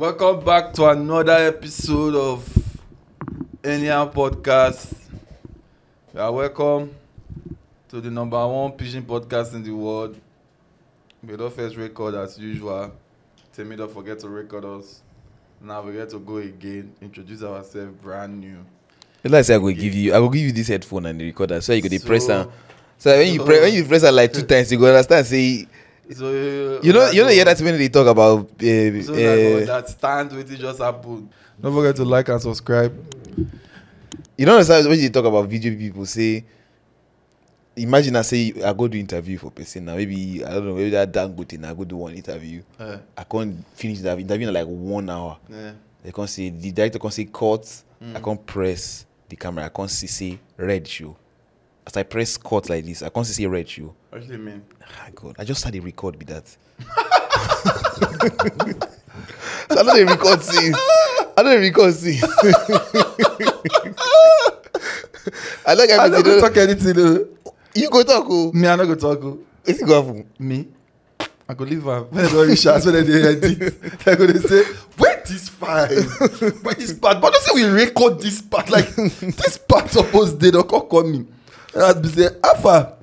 Welcome back to another episode of Anyhow Podcast. You are welcome to the number one pigeon podcast in the world. We don't first record as usual. Temi don't forget to record us. Now we get to go again, introduce ourselves brand new. It's like say I go give you, I go give you this headphone and the recorder, so you go so, press am. So when you so, press, when you press am like two times, you go understand. Say So you know, you know, yeah, that's when they talk about. Uh, so uh, that stand with it just happened. Don't forget to like and subscribe. You know, sometimes when you talk about video people say. Imagine I say I go do interview for person now. Maybe I don't know. Maybe that damn good thing. I go do one interview. Uh, I can't finish that interview in like one hour. Yeah. They can't see the director can't see cut. Mm. I can't press the camera. I can't see say red show as I press cut like this, I can't see red you. What do you mean? Ah, God, I just had a record with that. so I not even record scenes. I don't even record scenes. I like I don't talk anything. You go talk. Oh. Me, I not go talk. Oh. Is it go happen? Me. I go leave her. When they don't reach us, when they edit, they're going to say, "Wait, this fine? Where this part? But don't say we record this part. Like, this part supposed they don't call me. I'd be say Alpha,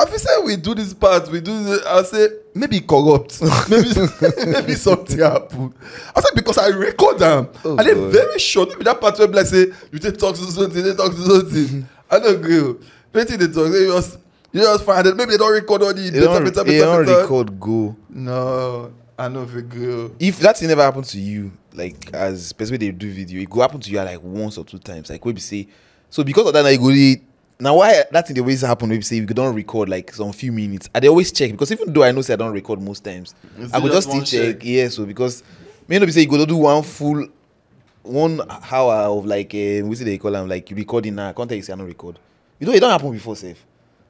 I've say we do this part, we do this. I say, maybe corrupt. maybe maybe something happen I say because I record them. Oh, and then very short, maybe that part where like say, you just talk to something, they talk to something. I don't agree. Plenty they talk, they just you just find it. Maybe they don't record all the data, don't, data, data, don't better. record go. No, I know if it go. If that thing never happened to you, like as especially they do video, it e go happen to you like once or two times. Like we say, so because of that, I go really Now, why that thing always ways happen, we say we don't record like some few minutes. I they always check because even though I know say I don't record most times, Is I could just still check. Yes, Yeah, so because me not be say you go do one full one hour of like uh, we say they call them like you recording now. Contact you say I don't record. You know it don't happen before safe.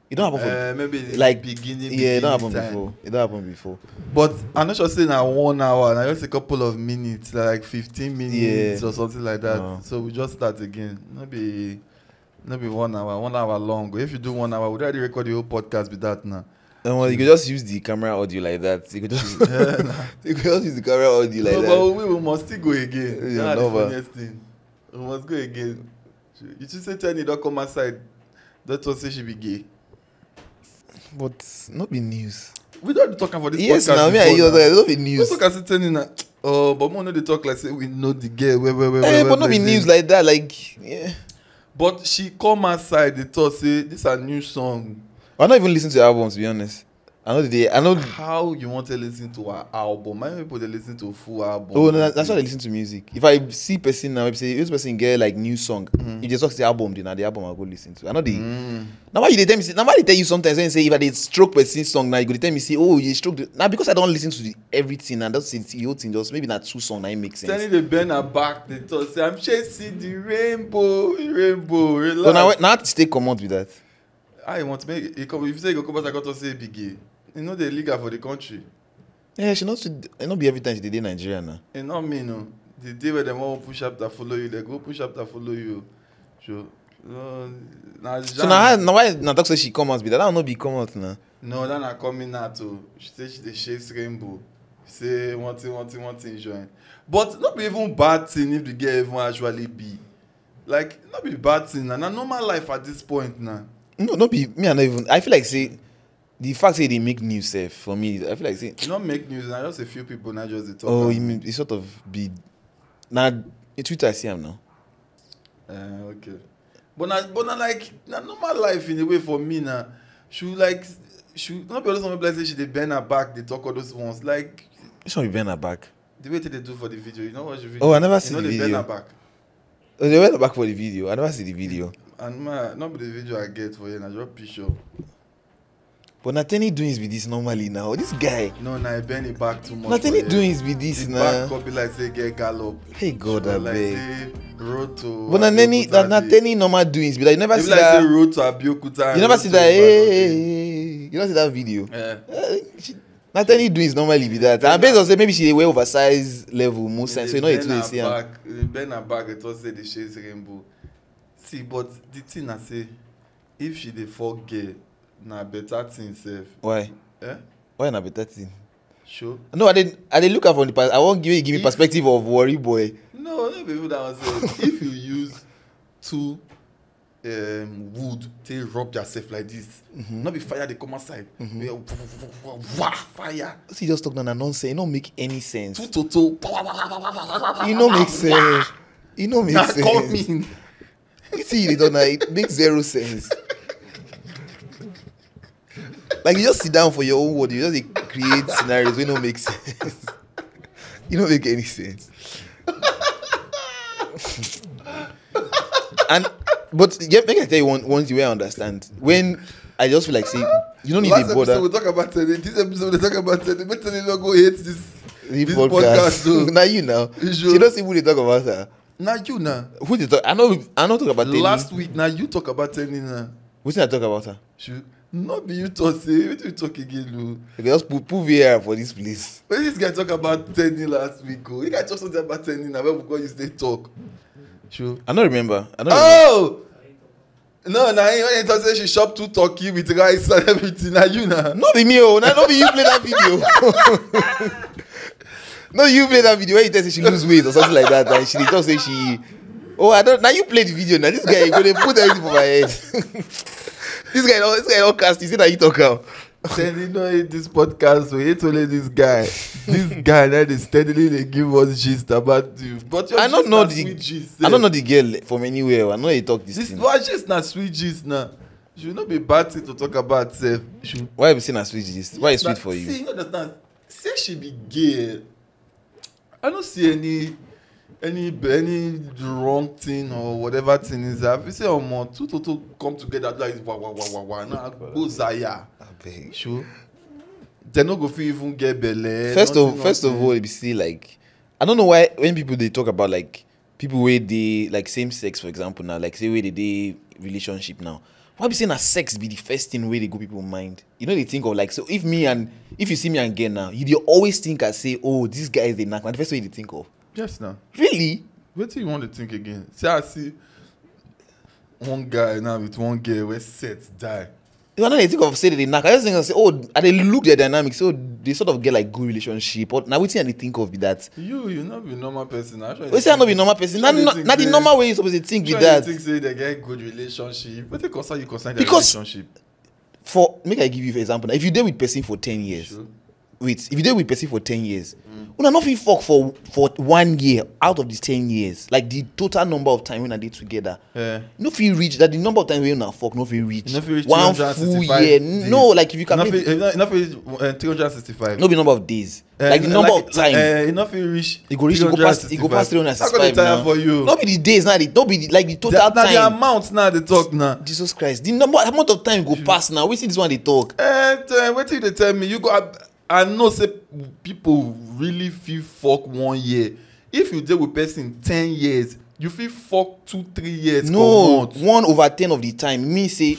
It don't happen before. Uh, maybe like beginning. Yeah, it don't happen before. It don't happen before. But I'm not sure saying now one hour. Now just a couple of minutes, like fifteen minutes yeah. or something like that. No. So we just start again. Maybe. No be one hour, one hour long. If you do one hour, would already record the whole podcast with that now? And well, you could just use the camera audio like that. You could just, use, yeah, nah. you could just use the camera audio like no, that. But we, we must still go again. Yeah, That's no, the funniest thing. We must go again. You should say Tani don't come outside. That was say she be gay. But not be news. We don't be talking for this yes, podcast. Yes, now me and you like, don't be news. We talk as Tani now. Oh, but more know they talk like say we know the gay. Wait, wait, wait, eh, wait, but not be news like that. Like yeah. but she come outside dey talk say this her new song i no even lis ten to the album to be honest I know they. I know how you want to listen to an album. Many people they listen to full album. Oh no, that's why they listen to music. If I see person now, if say this person get like new song, mm. if they talk to the album, then the album I go listen to. I know they. Mm. Now why they tell me? Now why they tell you sometimes when say if I they stroke person song, now you go tell me say oh you stroke. The... Now because I don't listen to the, everything and that's The whole thing just maybe not two song now it makes sense. Sending the banner back, the talk say I'm chasing the rainbow, rainbow. Relax. But now now to stay common with that. I ah, want to make it come. If you say you go come back, I got to say big e no dey legal for the country yeah she not be every time she did in nigeria now. e no me, no. The day wey dem wan put chapter follow you they go put chapter follow you so so na why na talk she come out be that that one be come out now. no that na coming out too. Oh. she say she the chase rainbow say one thing one thing one thing join but not be even bad thing if the girl even actually be like not be bad thing na na normal life at this point na no not be me i no even i feel like say the fact say they make news eh, for me i feel like say. you no make news na just a few people na just dey talk. oh he, he sort of be na twitter i see am now. Uh, okay but na but like normal life in a way for me now she like she no be all those say she dey bend her back they talk all those ones like. which one be bend her back. the way they do for the video you know what the video. oh i never see the video you dey bend her back. oh they her back for the video i never see the video. and ma no be the video i get for here na just picture. But Nathani doings be this normally now. This guy. No, now nah, bend it back too much. Nathani doings be this now. Back copy like say get gallop. Hey God, I like, beg. Road to. But Nathani, Nathani normal doings be like you never see that. Say road to Abiyokuta. You never see that. Hey, hey, hey. You never see that video. Yeah. Uh, eh, she, Nathani doings normally be that. And based on say maybe she wear oversized level most sense. So you know it's what they say. Bend her back. It was say the shades rainbow. See, but the thing I say, if she dey fall gay. na better thing sef. why eh? why na better thing. sure. no i dey i dey look am from the past i wan give you give me perspective of worry boy. no no be even that one sef if you use two um, wood take rub yourself like this mm -hmm. no be fire dey come outside mm -hmm. wah fire. see just talk na na nonsense e no make any sense. two toto e no make sense e no make sense. na me. you see you dey talk na it make zero sense like you just sit down for your own word. You just like, create scenarios we don't make sense. you don't make any sense. and but yeah, make I tell you one once you will understand. When I just feel like see you don't need Last a border. we talk about today. This episode we talk about today. But today logo hates this. this podcast, now you now. You she don't see who they talk about her. Now you now. Who they talk? I know. I know talk about. Last week now you talk about Teddy now. did I talk about her? She, no be you talk say wetin you talk again o. you just put put var for this place. when this guy talk about turning last week o oh, he guy talk something about turning na when we go use dey talk. sure. i no remember. i no oh! remember. oh no na him when he talk say she chop two turkey with rice and everything na you na. no be me o oh, na no be you play that video. no you play that video when you tell say she lose weight or something like that and she dey talk say she oh i don't. na you play the video na this guy go dey put everything for my head. this guy this guy all cast. Is it that you talk out. Then you know this podcast, we hate only this guy. This guy that is steadily they give us gist about you. But your I don't know the gist, I don't eh? know the girl from anywhere. I know he talk this. This was what not sweet gist now. She not be bad thing to talk about self. Should... Why have you seen a sweet gist? Why is sweet for you? See, you understand. Say she be gay. I don't see any any any wrong thing or whatever thing is that you say omo oh, two two two two come together like wah wah wah wah wah. Now go zaya. Abeg. Sure. They no go fit even get belle. First of first of all, you see like I don't know why when people they talk about like people where the like same sex for example now like say where the dey relationship now. Why be saying that sex be the first thing where the go people mind? You know they think of like so if me and if you see me and girl now, you they always think I say oh this guy is the knack. The first way they think of. Yes, now. Really? What do you want to think again. See, I see one guy now with one girl where set. die. You know, they think of say they knock. I just think of say, oh, and they look their dynamics. So oh, they sort of get like good relationship. But now, what thing they think of be that? You, you not be normal person. Actually, we say I not be normal person. Not, not, not the normal way you supposed to think be that. Think say they get good relationship. What they concern you concern their because relationship? For make I give you an example. If you date with person for ten years. Sure. wait if you dey with person for ten years mm. una no fit fok for for one year out of the ten years like the total number of time una dey together yeah. no fit reach that the number of time wey una fok no fit reach, no reach one full year days. no like if you can no fit eh, no fit reach three hundred and sixty-five no be number of days uh, like the number like, of time uh, e no fit reach e go reach e go pass e go pass three hundred and sixty-five now for you. no be the days na the no be the like the total the, time na the amount na dey talk na. jesus christ the number amount of time go pass na wetin this one dey talk. Uh, wetin you dey tell me you go i know say people really fit fuck one year if you dey with person ten years you fit fuck two three years no comot. one over ten of the time mean say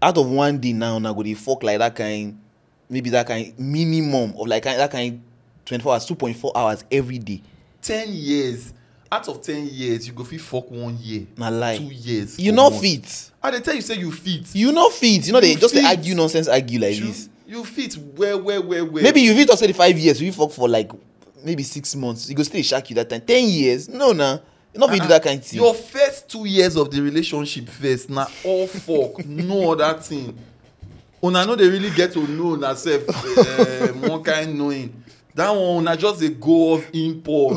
out of one day now una go dey fuck like that kind maybe that kind minimum of like that kind twenty-four hours two point four hours every day. ten years out of ten years you go fit fuck one year. na lie two years you no fit. i dey tell you say you fit. you no fit you no dey just dey argue nonsense argue like you, this you fit well well well well. maybe you fit talk say the five years you fit work for like maybe six months e go still dey shark you that time ten years no na no fit do ah, that kind thing. your first two years of the relationship first na all fok no other thing una no dey really get to know una sef um, one kind knowing that one una just dey go off import.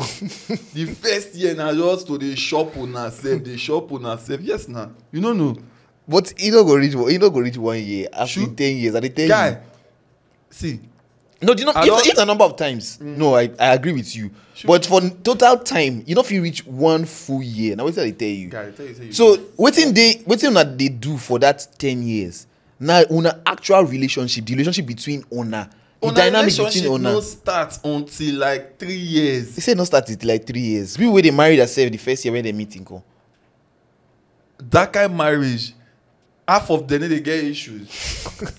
the first year na just to dey shop una sef dey shop una sef yes na you no know. but e no go reach e no go reach one year after ten years After ten. tell guy See. No, do you know if, if the number of times? Mm. No, I, I agree with you. Should but for total time, you know if you reach one full year. Now what did I tell you? tell you, tell you so waiting they waiting that they do for that ten years. Now on an actual relationship, the relationship between owner the una dynamic between una not start until like three years. he say no start until like three years people wey dey marry say the first year when the meet go. that kind marriage half of them they get issues.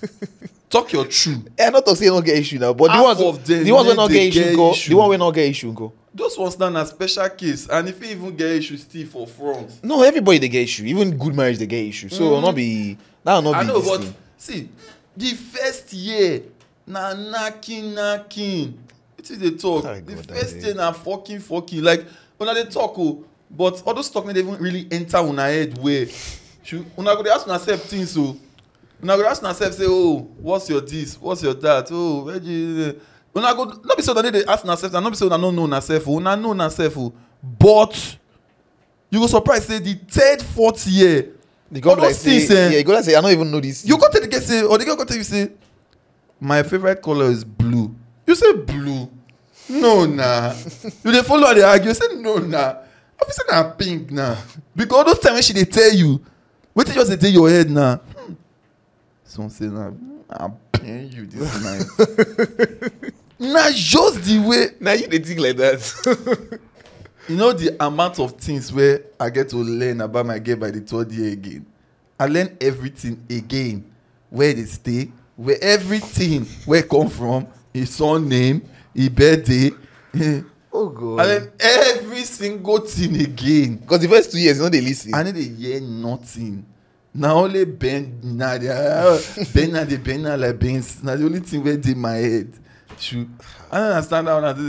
Talk your truth. Yeah, not to say not get issue now, but half the ones, of them the ones wey not get issue get go, issue. the one wey not get issue go. Those ones now a special case, and if you even get issue still for front. No, everybody they get issue. Even good marriage they get issue. So mm. not be that will not I be. I know, but thing. see, the first year na knocking, knocking. Wetin dey talk? the first day na fucking fucking like una dey talk o, oh, but all those talk they dey even really enter una head well. una go dey ask yourself things o oh. una go dey ask yourself say oh what's your this what's your that oh where you eh. una go no be say una dey ask yourself and no be say una no know yourself o oh. una know yourself o oh. but you go surprise say the third fourth year the all those like things say, eh yeah, you go like say i no even know this you go tell the girl say or the girl go tell you say my favourite colour is blue you say blue no na you dey follow her dey argue you say no na i feel say na pink na because those time when she dey tell you Wetin just dey dey your head na? Some say na I pain you this night. na just the way. Na you dey think like that. you know the amount of things wey I get to learn about my girl by the third year again. I learn everything again. Where they stay, where everything where come from, his name. his birthday. oh god and then every single thing again because the first two years you no dey lis ten i no dey hear nothing na only ben na the ah, ben na the ben na like beans na the only thing wey dey my head shoe i no understand how una do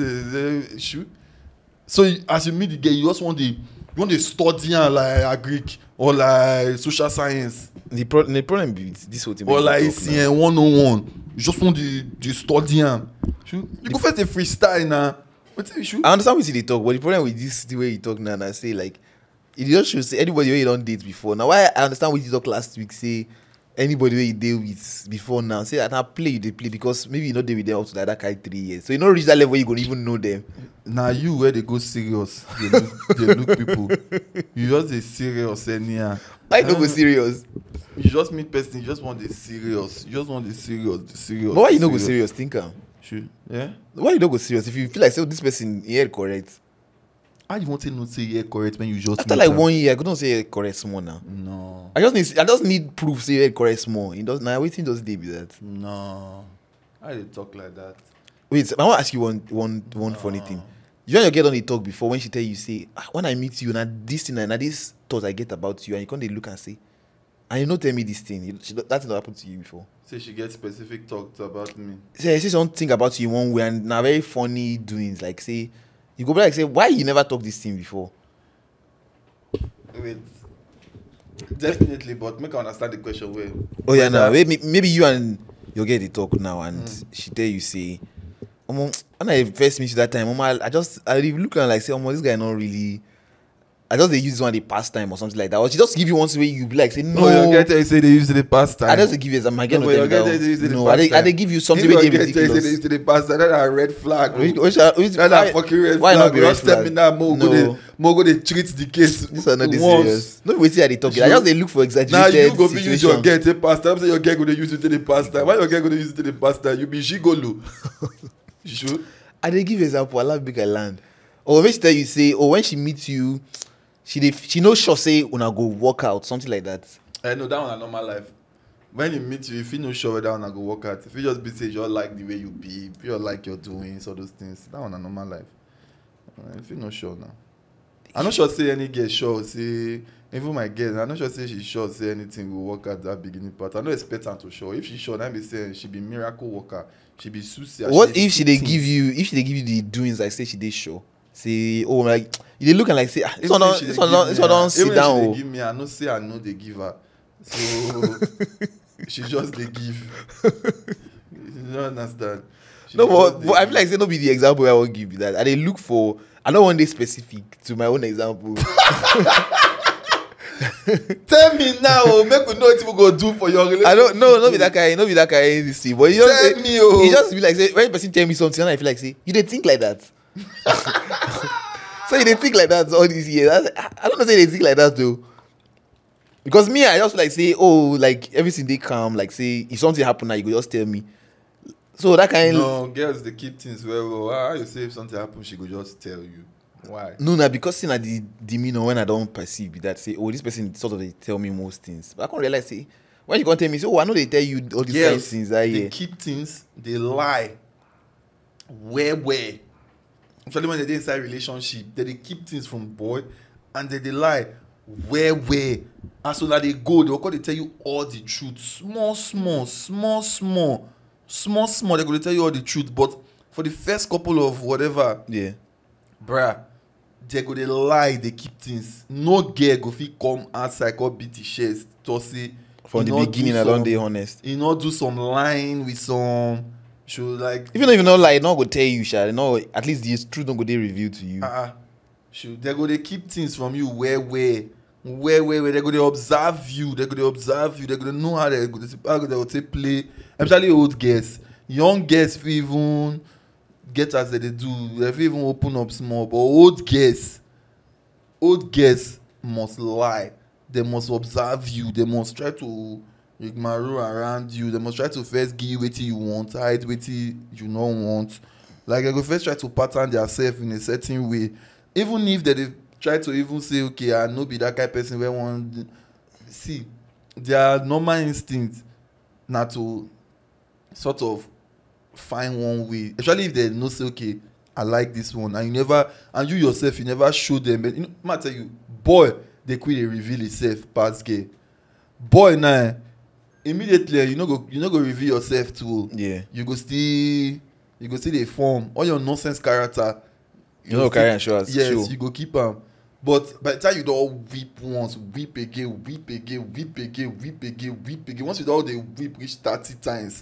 the shoe so as you meet the girl you just wan dey you wan dey study am like agric or like social science. the pro the problem be this whole thing. or like cn one oh one you just wan dey dey study am you go first dey freestyle na wetin you shoot. i understand wetin you dey talk but the problem with this the way you talk now na say like e just show say anybody wey you don date before na why i understand wetin you talk last week say anybody wey you dey with before now say na play you dey play because maybe you no dey with them up to like that kind three years so you no reach that level you go even know them. na you wey dey go serious dey look dey look people you just dey serious anyhow. why you no go serious. you just meet person you just wan dey serious you just wan dey serious dey serious. but why you no go serious think am. Huh? Sure. Yeah. Why you don't go serious? If you feel like say this person here correct. How you want to not say here correct when you just after like one year I couldn't say correct more now. No. I just need I just need proof say here correct more. It does now nah, waiting those day be that. No. I did talk like that. Wait, I want to ask you one one one no. funny thing. You and your girl on the talk before when she tell you say ah, when I meet you now this thing and this thought I get about you and you come not look and say and you know tell me this thing. You, she, that thing happened to you before. Say she gets specific talk about me. Say she don't think about you one way and now very funny doings. Like say, you go back like say, why you never talk this thing before? Wait. Definitely, but make I understand the question well. Oh yeah, now maybe maybe you and your girl the talk now and mm. she tell you say, Omo, when I first meet you that time, Omo, I, I just I look like say, Omo, this guy not really. I just they use this one the pastime or something like that. Or she just give you once way you be like say no. no your guy say they use the pastime. I just give you as a my guy no, no, you that. No, I they, I they give you something where they ridiculous. Say they use it the past time. That's a red flag. Which, which, which, That's why, a fucking red why flag. Why not be oh. red flag? Step in more no. go they more go they treat the case. This are not this serious. No wait see how they talk. I just they look for exaggerated. Now you go be use your girl the past time. Say your girl go they use it the past time. Why your girl go they use it the past time? You be shigolo. You sure? I they give example. I love bigger land. Or oh, when she tell you say, or oh, when she meets you. she dey she no sure say una go work out something like that. Eh, no that one na normal life when you meet you you fit no sure whether una go work out you fit just be say you just like the way you be you just like your doings all those things that one na normal life uh, you fit no sure now i no sure say any girl sure say even my girl i no sure say she sure say anything go work out that beginning part i no expect am to sure if she sure na be say she be miracle worker she be susia. what if she dey give you if she dey give you the doings like say she dey sure see, oh, like, they looking like, see, ah, this one don't, this one this one don't sit down. Even oh. give me, I know say I know they give her. So, she just they give. you don't understand. She no, but, but I feel like say no be the example I will give you that. And they look for, I don't want this specific to my own example. tell me now oh, make we know what people go do for your relationship. i don't no no be that kind no be that kind See, but you just tell say, me oh. e just be like say when person tell me something and i feel like say you don't think like that so they think like that all these years. I, don't know say they think like that though. Because me, I just like say, oh, like everything they come, like say if something happen now, you go just tell me. So that kind. No, girls they keep things well. well you say if something happen, she could just tell you. Why? No, no, because see, na the demeanor when I don't perceive that say, oh, this person sort of they tell me most things, but I can't realize say why you gonna tell me, say, oh, I know they tell you all these yes, kind of things. That, yeah, they keep things, they lie. Where where especially when they dey inside relationship they dey keep things from boy and they dey lie well well as una dey go they go come dey tell you all the truth small small small small small small they go dey tell you all the truth but for the first couple of whatever yeah. bruh they go dey lie dey keep things no girl go fit come outside come beat the chest talk say from the beginning i don dey honest e no do some lying with some she was like even if you no lie no go tell you sha no at least the truth no go dey revealed to you uh-uh. she they go dey keep things from you well well well well well they go dey observe you they go dey observe you they go dey know how they go dey how they go take play especially old girls young girls fit even get as they dey do they fit even open up small but old girls old girls must lie they must observe you they must try to rigmarole around you dem must try to first give you wetin you want hide wetin you no want like dem go first try to pattern diasef in a certain way even if dem dey try to even say okay i no be dat kain person wey wan see their normal instinct na to sort of find one way especially if dem know say okay i like this one and you never and you yourself you never show dem but you know, ma tell you boy dey quick dey reveal himself pass girl boy now immediately you no go you no go reveal yourself to yeah you go still you go still dey form all your nonsense character you, you no go carry am show as yes, show yes you go keep am but by the time you don weep once weep again weep again weep again weep again weep again once you don dey weep reach thirty times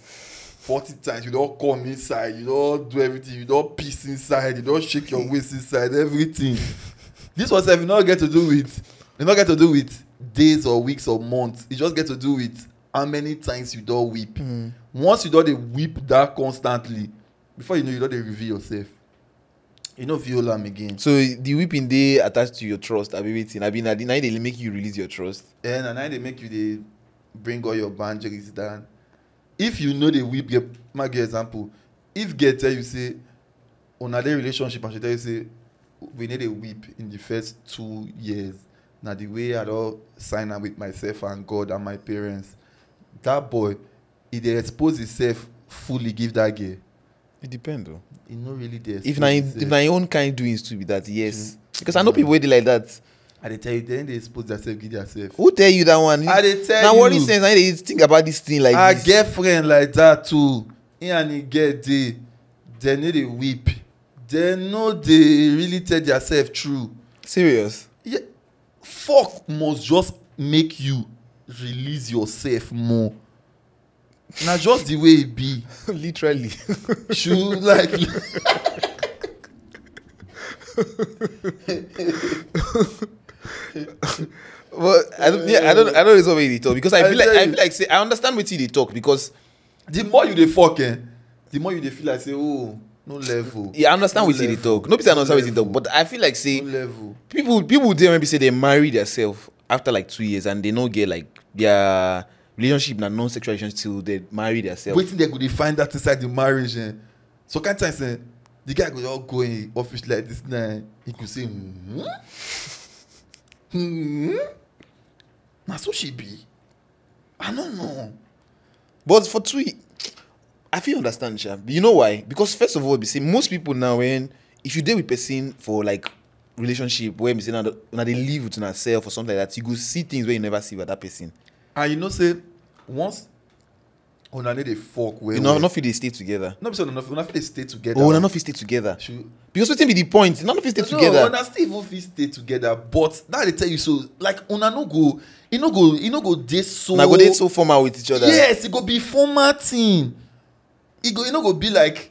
forty times you don come inside you don do everything you don piss inside you don shake your waist inside everything this one sef you no get to do with you no get to do with days or weeks or months You just get to do with how many times you don weep mm. once you don dey weep that constantly before you know you don dey reveal yourself you no fit hold am again. so the weeping dey attached to your trust abi wetin abi na na e dey make you release your trust. eh na na e dey make you dey bring all your boundaries down if you no dey weep get make get example if girl tell you say una dey relationship and she tell you say we no dey weep in the first two years na the way i don sign am with myself and god and my parents that boy, he they expose himself fully, give that girl. It depends though. He not really there. If my if my own kind doings to be that, yes. Mm-hmm. Because I know people waiting like that. I they tell you, then they expose themselves, give themselves. Who tell you that one? I they tell now, you. Now what is sense? I they think about this thing like a this. friend like that too. And he get the they need they weep. They know they really tell themselves true. Serious? Yeah. Fuck must just make you release yourself more. Now just the way it be. Literally. Should like well, I don't, yeah, I don't, I don't know what they talk because I feel like, I feel like, say, I understand what they talk because the more you the fuck, eh, the more you they feel like say, oh, no level. Yeah, I understand no what they talk. No, understand no what they talk, but I feel like say, no level. people, people there maybe say they marry themselves after like two years and they no get like their relationship na non-sexual relationship till they marry themselves. wetin they go dey find out inside the marriage eh? so kind times say the guy go just go in eh, office like this na he go say hmm? hmm? na so she be i no know but for two i fit understand sha you know why because first of all be say most people now when if you dey with person for like relationship where you say na dey live with una self or something like that you go see things wey you never see with that person. and you know say once una no dey work well well. una no fit dey stay together. no be say una una fit dey stay together. oh una no fit stay together. Should... because wetin be the point una no fit stay together. no una still even fit stay together but that dey tell you so like una no go e no go e no go dey so. una go dey so formal with each other. yes e go be formal thing e go e no go be like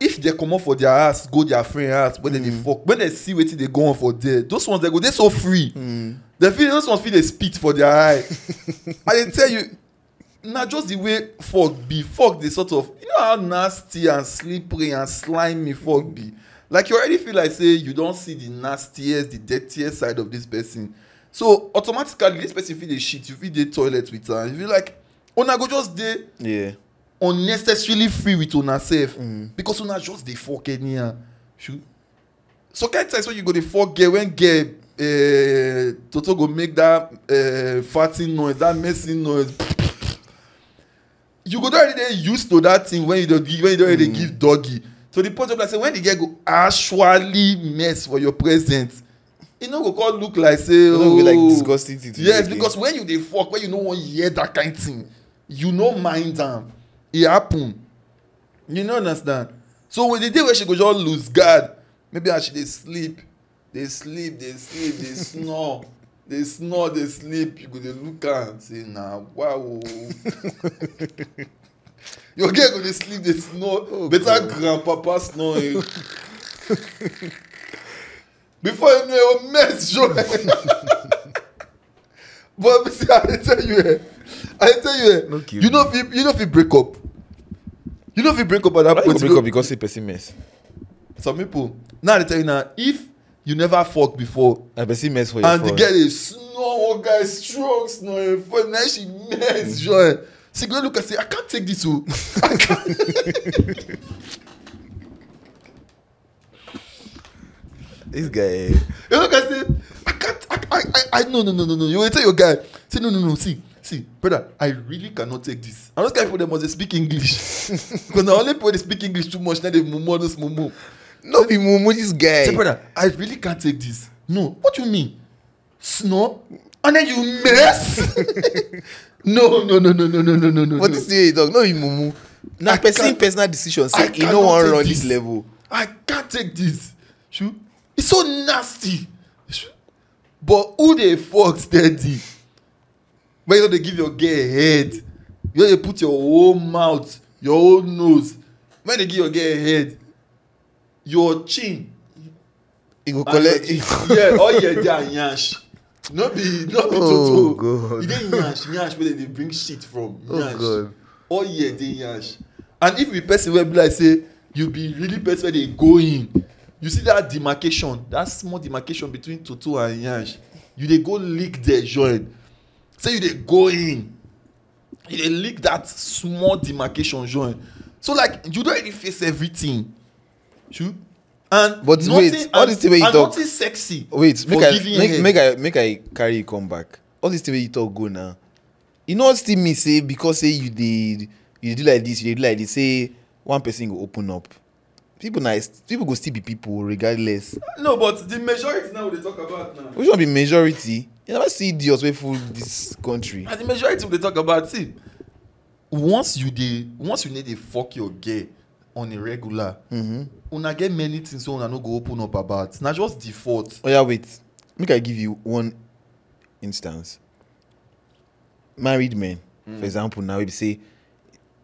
if they comot for their ass go their friend ass when mm. they dey mm. fok when they see wetin dey go on for there those ones they go dey so free mm. they feel those ones fit dey spit for their eye i dey tell you na just the way fok be fok dey sort of you know how nasty and slippery and slimy fok be like you already feel like say you don see the nastiest the dirtiest side of this person so automatically this person fit dey shit you fit dey toilet with am you feel like una go just dey. Yeah unnecessarily free with una sef mm. because una just dey fuck anyhow ah. so kind times wey you go dey fuck girl when girl uh, toto go make that uh, farting noise that messing noise you go don already dey used to that thing when you don when you don already mm. give doggy to the point of like say when the girl go actually mess for your present e no go come look like say oh be like oh. disgusting thing to yes because when you dey fuck when you no wan hear that kind thing you no mind am e happen you no understand so with the day wey she go just lose guard maybe as she dey sleep dey sleep dey sleep dey snore dey snore dey sleep you go dey look am say na wow your girl go dey sleep dey snore oh, better God. grandpapa snoring eh. before you know your mess show but see i dey tell you eh I tell you, eh, no you know if you, know if you break up, you know if you break up at that Why point. You break up because say person mess. Some people now they tell you now if you never fuck before. I person mess for you. And the girl is snow guy strong snow for now she mess joy. She go look and say I can't take this. Oh. I can't. this guy. Eh. You look and say I can't. I I I, I no no no no no. You will tell your guy say no no no see see, brother, I really cannot take this. I'm not kind of people that must speak English. because the only people that speak English too much, now they mumu this mumu. No be mumu this guy. See, brother, I really can't take this. No, what you mean? Snow? And then you mess? no, no, no, no, no, no, no, no, no. But this day, dog, no be mumu. Na person personal decision say e eh? no wan run this level. I can't take this. Shu? It's so nasty. Shu? But who dey fuck steady? when you no dey give your girl head you no dey put your whole mouth your whole nose when you dey give your girl head your chin e go collect e yeah all yeja and yansh no be no be oh, toto e dey yansh yansh wey dem dey bring shit from oh, yansh all year dey yansh and if you be person wey be like say you be really person wey dey go in you see that demarcation that small demarcation between toto and yansh you dey go lick their joint say you dey go in you dey leak that small demarcation join eh? so like you don already face everything true and but nothing, wait all this thing wey you talk nothing sexy wait make i make, make i make i carry you come back all this thing wey you talk go now e no still mean say because say you dey you dey do like this you dey do like this say one person go open up people na people go still be people regardless. no but the majority now we dey talk about now. which one be majority You never see idiots wey full this country. And the majority we dey talk about see once you dey once you need dey fuck your girl on a regular mm-hmm. una get many things wey una no go open up about na just the fault. Oh, yeah, wait make i give you one instance married men for mm. example now wey be say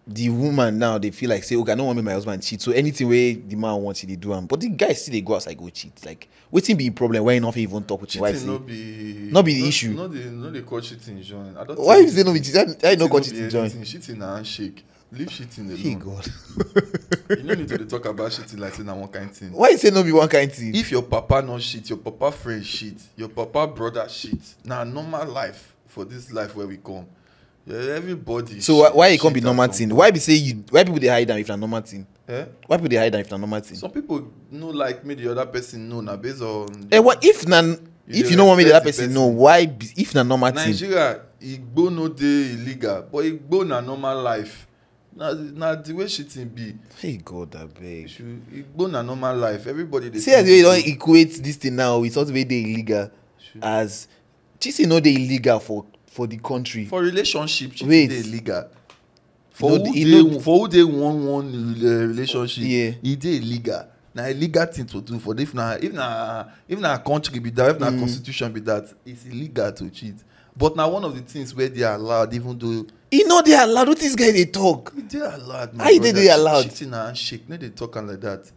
the woman now they feel like say okay i no want me my husband cheat so anything wey the man want he dey do am but the guy still dey go outside go cheat like wetin be him problem why he no fit even talk with him wife say no be no be the issue no dey no dey call cheating join i don tell you why you say no be cheating why you no call cheating join cheating na handshake leave cheating alone hey god you no need to dey talk about cheating like say na one kind thing why you say no be one kind thing if your papa no cheat your papa friend cheat your papa brother cheat na normal life for this life wey we come Yeah, everybody. So why it can't be normal thing? Why be say you? Why people they hide them if they're normal thing? Eh? Why people they hide them if they're normal thing? Some people know like me the other person know, na based on. Eh, what if na if you no want me the other person, person. no why if na normal thing? Nigeria igbo no dey illegal but igbo na normal life. na na the way cheating be. hey god I abeg. igbo na normal life everybody dey. see as you don equate this thing now with something wey dey illegal as cheating no dey illegal for for the country. for relationship cheating dey illegal for no, who dey for who dey wan one uh, relationship yeah. e dey illegal na illegal thing to do for if na if na if na country be that if na mm. constitution be that it's illegal to cheat but na one of the things wey dey allowed even though. e no dey allowed wetin this guy dey talk. e dey allowed my how brother allowed cheating na handshake no dey talk am like that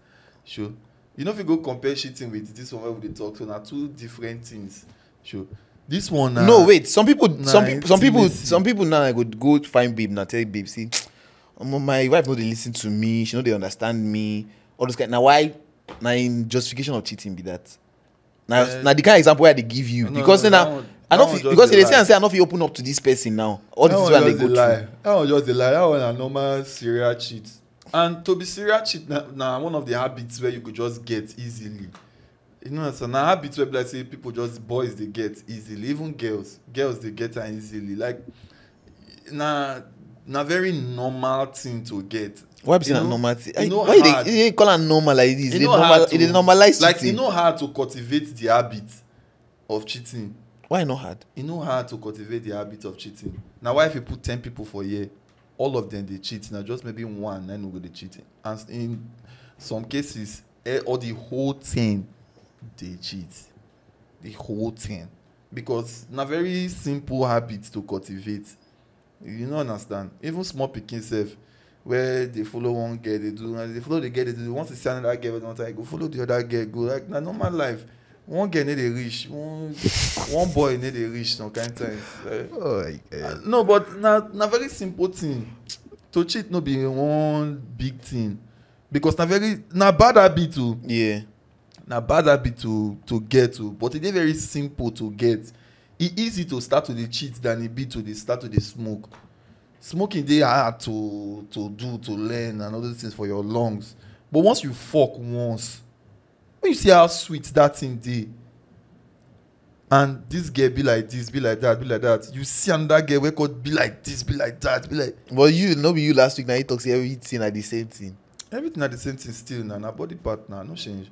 sure you no know, fit go compare cheating with this one wey we dey talk so na two different things sure This one no wait some people Nah, some people some people some people now I could go find babe now tell babe see um, my wife no dey lis ten to me she no dey understand me all those kind na why na in justification of cheating be that na now eh, na the kind example wey I dey give you no, because now say na I no fit because dey they say and am say I no fit open up to this person now all this is where I dey go through lie. That one just a lie. That one a normal serial cheat. And to be serial cheat na, na one of the habits where you could just get easily. you know so na habit wey be like say people just boys dey get easily even girls girls dey get am easily like na na very normal thing to get why be say na normal thing why you dey call am normal like this e dey normalize cheating like e no hard to cultivate the habit of cheating why e no hard e no hard to cultivate the habit of cheating na why if you put ten people for here all of them dey cheat na just maybe one na no go dey cheat and in some cases all eh, the whole ten dey cheat the whole thing because na very simple habit to cultivate you no understand even small pikin sef wey dey follow one girl dey do and dey follow the girl dey do once you see another girl wey don try go follow the other girl go like na normal life one girl no dey reach one one boy no dey reach some kind times eh. oh, uh, no but na na very simple thing to cheat no be one big thing because na very na bad habit o. Oh. Yeah na bad habit to to get o but e dey very simple to get e easy to start to dey cheat than e be to dey start to dey smoke smoking dey hard to to do to learn and all those things for your lungs but once you fok once when you see how sweet that thing dey and this girl be like this be like that be like that you see another girl wey come be like this be like that be like. but you no be you last week na you talk say everything na the same thing. everything na the same thing still na na body part na no change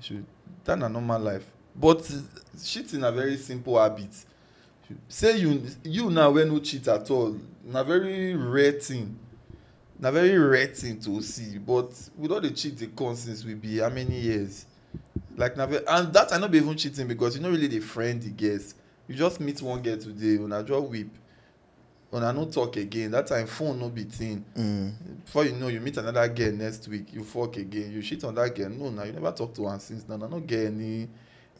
should that na normal life but cheating na very simple habit say you you now wey no cheat at all na very rare thing na very rare thing to see but we don dey cheat dey come since we be how many years like na very and that i no be even cheating because you no really dey friend the girls you just meet one girl today una just weep una no talk again that time phone no be thing mm. before you know you meet another girl next week you fork again you shit on that girl no na you never talk to am since na na no get any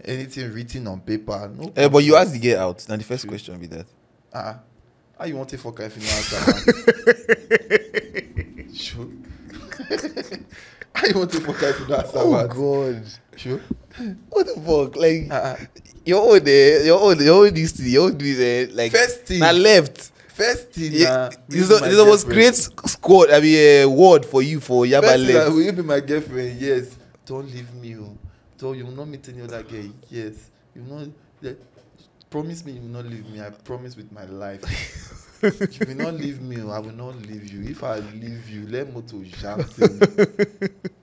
anything written on paper no. Uh, but you ask the girl out na the first True. question be that. ah uh, how you wan take fok her if you no ask her sure how you wan take fok her if you no ask her oh god sure what the fuck like. Uh-uh. your own eh your own your own this thing your own this eh like first thing na left First thing, yeah, uh, this, was great squad. I mean, a word for you for Yaba First, uh, will you be my girlfriend? Yes. Don't leave me. Oh. So you will not meet any other girl. Yes. You know. Yeah. Promise me you will not leave me. I promise with my life. you will not leave me. Oh. I will not leave you. If I leave you, let to jam.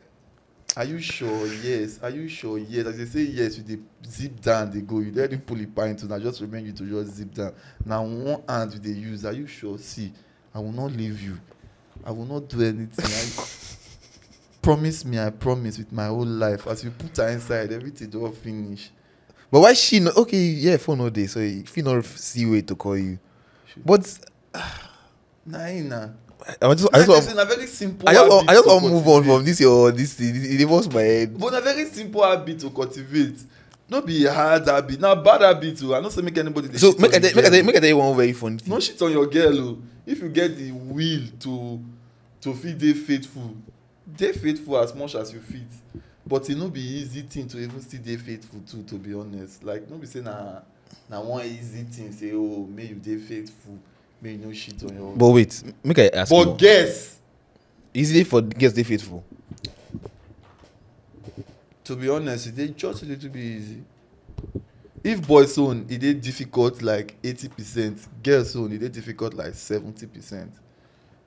are you sure yes are you sure yes as they say yes you dey zip down They go you dey really pull ipa into Now just remind you to just zip down Now one hand you they use are you sure see i will not leave you i will not do anything i promise me i promise with my whole life as you put her inside everything will finish. but why she no okay yeah phone all day. so you fit no see way to call you she, but. na nah. na I just, I just want, na very simple I just, habit I just want to move on from this your this thing. It involves my head. But a very simple habit to cultivate. No be hard habit. Na bad habit o. I no say make anybody So make I tell make I tell make I tell you one very funny thing. No shit on your girl o. If you get the will to to fit they faithful, they faithful as much as you fit. But it e no be easy thing to even see they faithful too to be honest. Like no be saying na na one easy thing say oh may you they faithful may you no shit on your but wait make i ask but you but guess easily for guess dey faithful to be honest e dey just a little bit easy if boys own e dey difficult like eighty percent girls own e dey difficult like seventy percent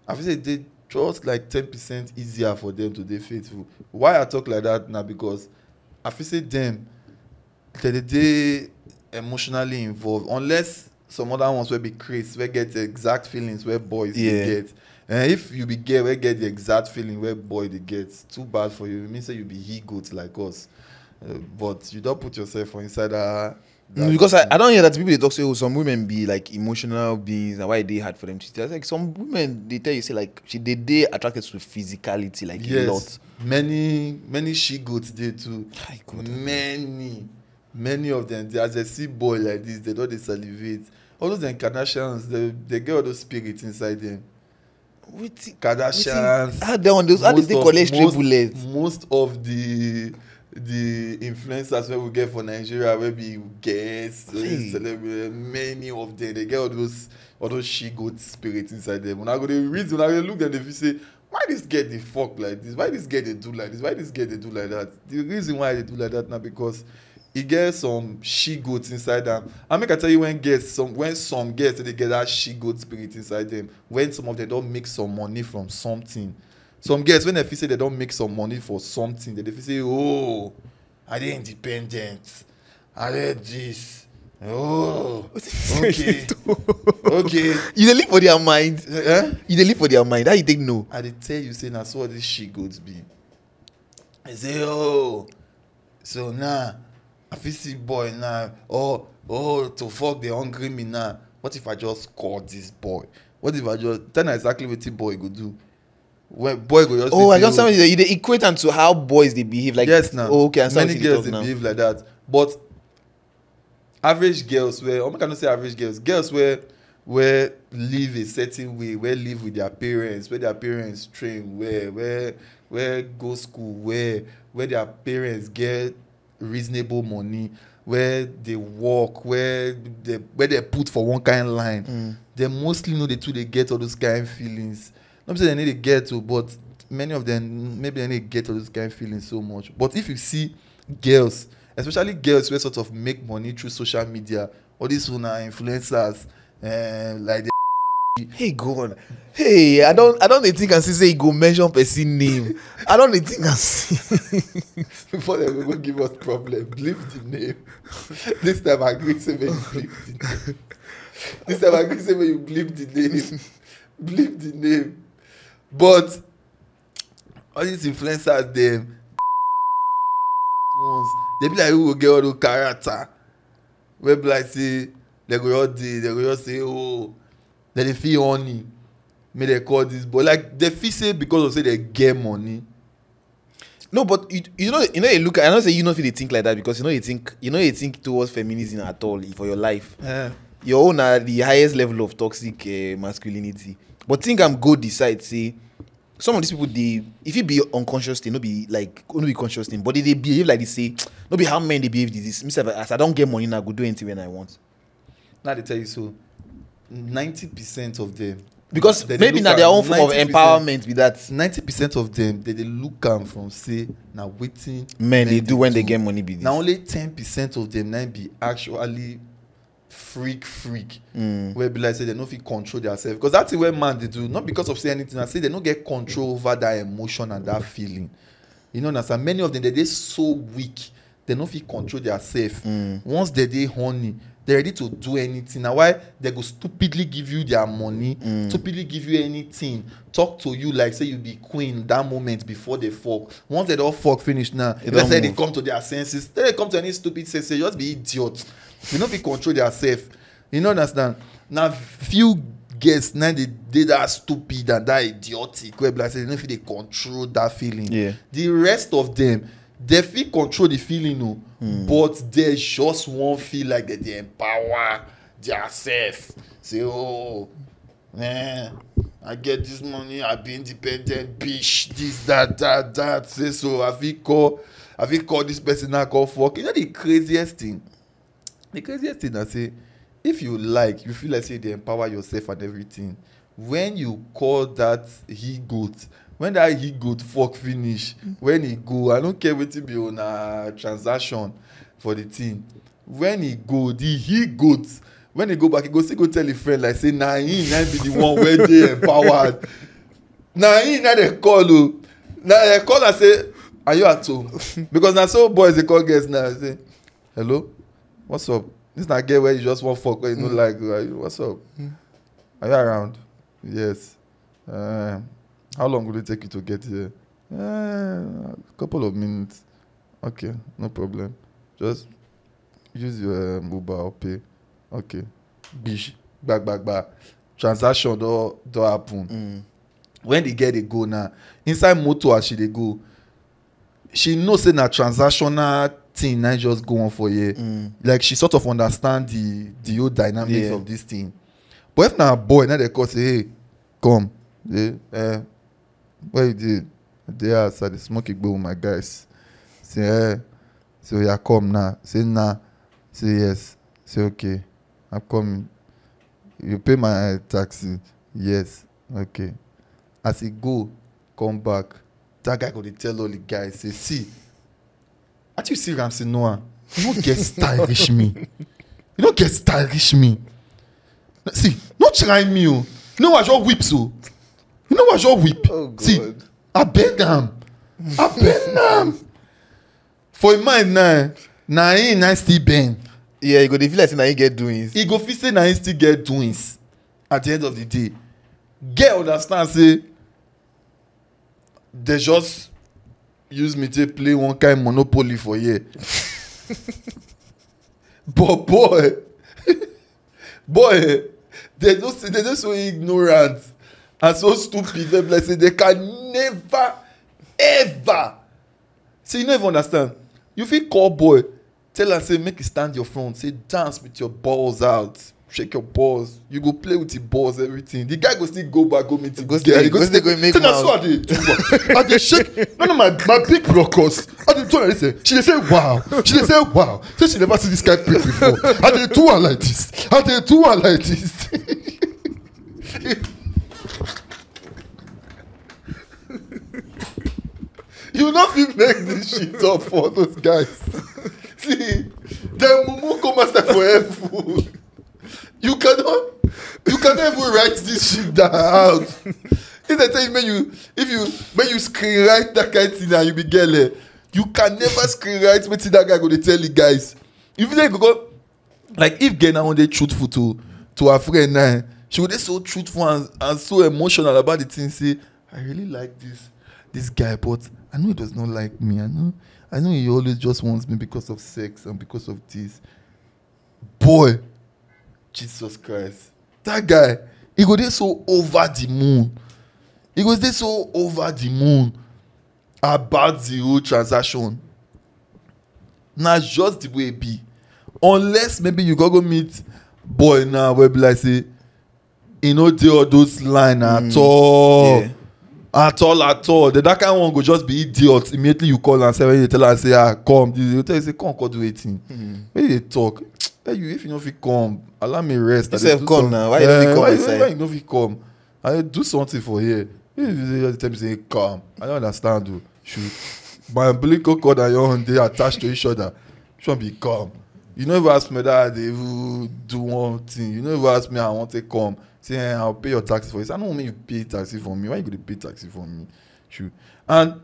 i feel say e dey just like ten percent easier for them to dey faithful why i talk like that na because i feel say them dem dey dey emotionally involved unless some other ones wey be crazy, wey get the exact feelings where boys dey get and if you be gay, wey get the exact feeling where boy dey get too bad for you e mean say you be he goat like us uh, but you don't put yourself for inside that no mm, because i i don hear that people they talk say oh some women be like emotional beings and why they hard for them to tell. like some women they tell you say like she they they attracted to physicality like a lot yes many many she goats dey too many many of them. as dem see boy like this. They don't they salivate all those incarnations, they, they get all those spirits inside them. Wetin Kardashians. How they on those? How did they collect most, bullets? Most of the the influencers wey we get for nigeria wey be guests hey. celebrities many of them dey get all those all those she goat spirits inside them una go dey reason, una go dey look dem dey feel say why this girl dey fok like this? why this girl dey do like this? why this girl dey do like that? the reason why i dey do like that na because e get some she goat inside am and make i tell you when girls some when some girls dey get that she goat spirit inside them. when some of them don make some money from something some girls when dem feel say dem don make some money for something dem dey feel say oh i dey independent i dey this oh okay okay you dey live for their mind eh? you dey live for their mind how you take know. i dey tell you say na so all these she goats be i say oh so now. Nah, I fit see boy now. Oh, oh, to fuck the hungry me now. What if I just call this boy? What if I just tell na exactly wetin boy go do? When boy go just. Oh, I just tell you, you dey equate am to how boys dey behave like. Yes, na. Oh, okay, I understand Many girls dey behave like that, but average girls wey or oh, make i no say average girls girls wey wey live a certain way wey live with their parents wey their parents train well wey wey go school well wey their parents get reasonable money where they work where they where they put for one kind line mm. they mostly know the two they get all those kind feelings not say they need to get to but many of them maybe they need get all those kind feelings so much but if you see girls especially girls wey sort of make money through social media all these una influencers uh, like hey go on. hey i don't. i don't dey think am see say e go mention person name i don dey think am see before dem go give us problem believe the name this time i gree say make you believe the name this time i gree say make you believe the name believe the name but all these influencers dem ones dey be like who go get all those character wey be like say dem go just dey dem go just say oh dem dey feel honey make dem call this boy like dem feel say because of say dem get money. no but you you know you know you look at i know say you no fit dey think like that because you know you think you know you think towards feminism at all for your life. Uh. your own na the highest level of toxic uh, masculinity but think am go decide say some of these people dey e fit be unconscious thing no be like no be conscious thing but they dey behave like this say no be how men dey behave this this me sef as i don get money na i go do anything when i want. na dey tell you so ninety percent of them. because they maybe na their own form of empowerment be that. ninety percent of them they dey look am from say na wetin. men dey do when they get money be this. na only ten percent of them na be actually freak freak. Mm. wey be like say they no fit control their self because that thing wey man dey do not because of say anything na say they no get control over that emotion and that feeling you know understand many of them they dey so weak they no fit control their self. Mm. once they dey horny They ready to do anything na why they go stupidly give you their money mm. stupidly give you anything talk to you like say you be queen that moment before they fuck once they don fuck finish now nah, let's say they come to their senses then they come to any stupid sense say just be idiot you no fit control their self you no understand na few guests na dey dey that stupid and that idiotic wey be like say they no fit dey control that feeling yeah. the rest of them dem fit control the feeling o mm. but dem just wan feel like dem dey empower their self say oh eh i get this money i be independent bitch this that that that say so i fit call i fit call this person now call work you know the craziest thing the craziest thing na say if you like you feel like say you dey empower yourself and everything when you call that he goat when that he goat fork finish mm. when he go i no care wetin be una uh, transaction for the thing when he go the he goat when he go back he go still go tell him friend like say na him na be the one wey dey empowered na him na dey call o oh. na dey call am say are you at home because na so boys dey call girls now say hello what's up this na girl wey you just wan fok wey you no mm. like oh, what's up mm. are you around yes um, How long will it take you to get here? Uh, a couple of minutes. Okay, no problem. Just use your um, Uber pay. Okay. Bish. Back, back, back. Transaction don't, do happen. Mm. When they get, dey go now, inside motor as she they go, she know say a transactional thing na just go on for you. Mm. Like she sort of understand the the whole dynamics yeah. of this thing. But if now a boy, now they call say, hey, come. Yeah, uh, what you did? They asked at the smoky bowl with my guys. Say, hey, eh, say, yeah, come now. Say, nah. Say, yes. Say, okay. I'm coming. You pay my taxi. Yes. Okay. As he go, come back. That guy go dey tell all the guys, say, see, actually see Ramsey Noah. You don't get style reach me. You don't get style reach me. See, no try me. Oh. know I just whip so. I just weep. Oh, See, I beg am. I beg am. For a man now, na him na still bend. Yeah, he go dey feel like say na him get doings. He go feel say na him still get doings at the end of the day. Get understand say they just use me to play one kind monopoly for here. but boy, boy, they just they just so ignorant. are so stupid. They're blessed. They can never, ever. See, you never understand. You feel call boy, tell her, say, make you stand your front. Say, dance with your balls out. Shake your balls. You go play with the balls, everything. The guy go still go back, go meet the go girl. Stay, go, still go make mouth. So I dey do work. I dey shake. None of my, my big brokers. I dey turn and say, she dey say, wow. She dey say, wow. Say she never see this guy prick before. I dey do her like this. I dey do her like this. you know you make this shit up for those guys see dem mumu come outside for helpful you cannot you cannot even write this shit down out if they tell you make you if you make you screen write that kind of thing and you be girl eh, you can never screen write wetin that guy go dey tell you guys if you go go like if Gena wanted wan dey truthful to to her friend now eh, she go dey so truthful and and so emotional about the thing say i really like this this guy but I know he does not like me. I know I know he always just wants me because of sex and because of this. Boy, Jesus Christ. That guy, he goes there so over the moon. He goes there so over the moon about the whole transaction. Now just the way it be. Unless maybe you go go meet boy now where be like say, you know, they all those line mm, at all. Yeah at all at all then that kind one go just be idiot immediately you call am say when you tell am say ah come this you tell you say come come do wetin hmm. when you dey talk hey you if you no fit come allow me rest you sef come na why you no fit eh, come inside why you no fit come i do something for here you just tell me say come i no understand o shoot my umbilical cord and your own dey attached to each other which one be come you no even ask me that. i dey even do one thing you no even ask me i wan take come say eh, i'll pay your taxes for this i don't want make you pay taxes for me why you going to pay taxes for me true and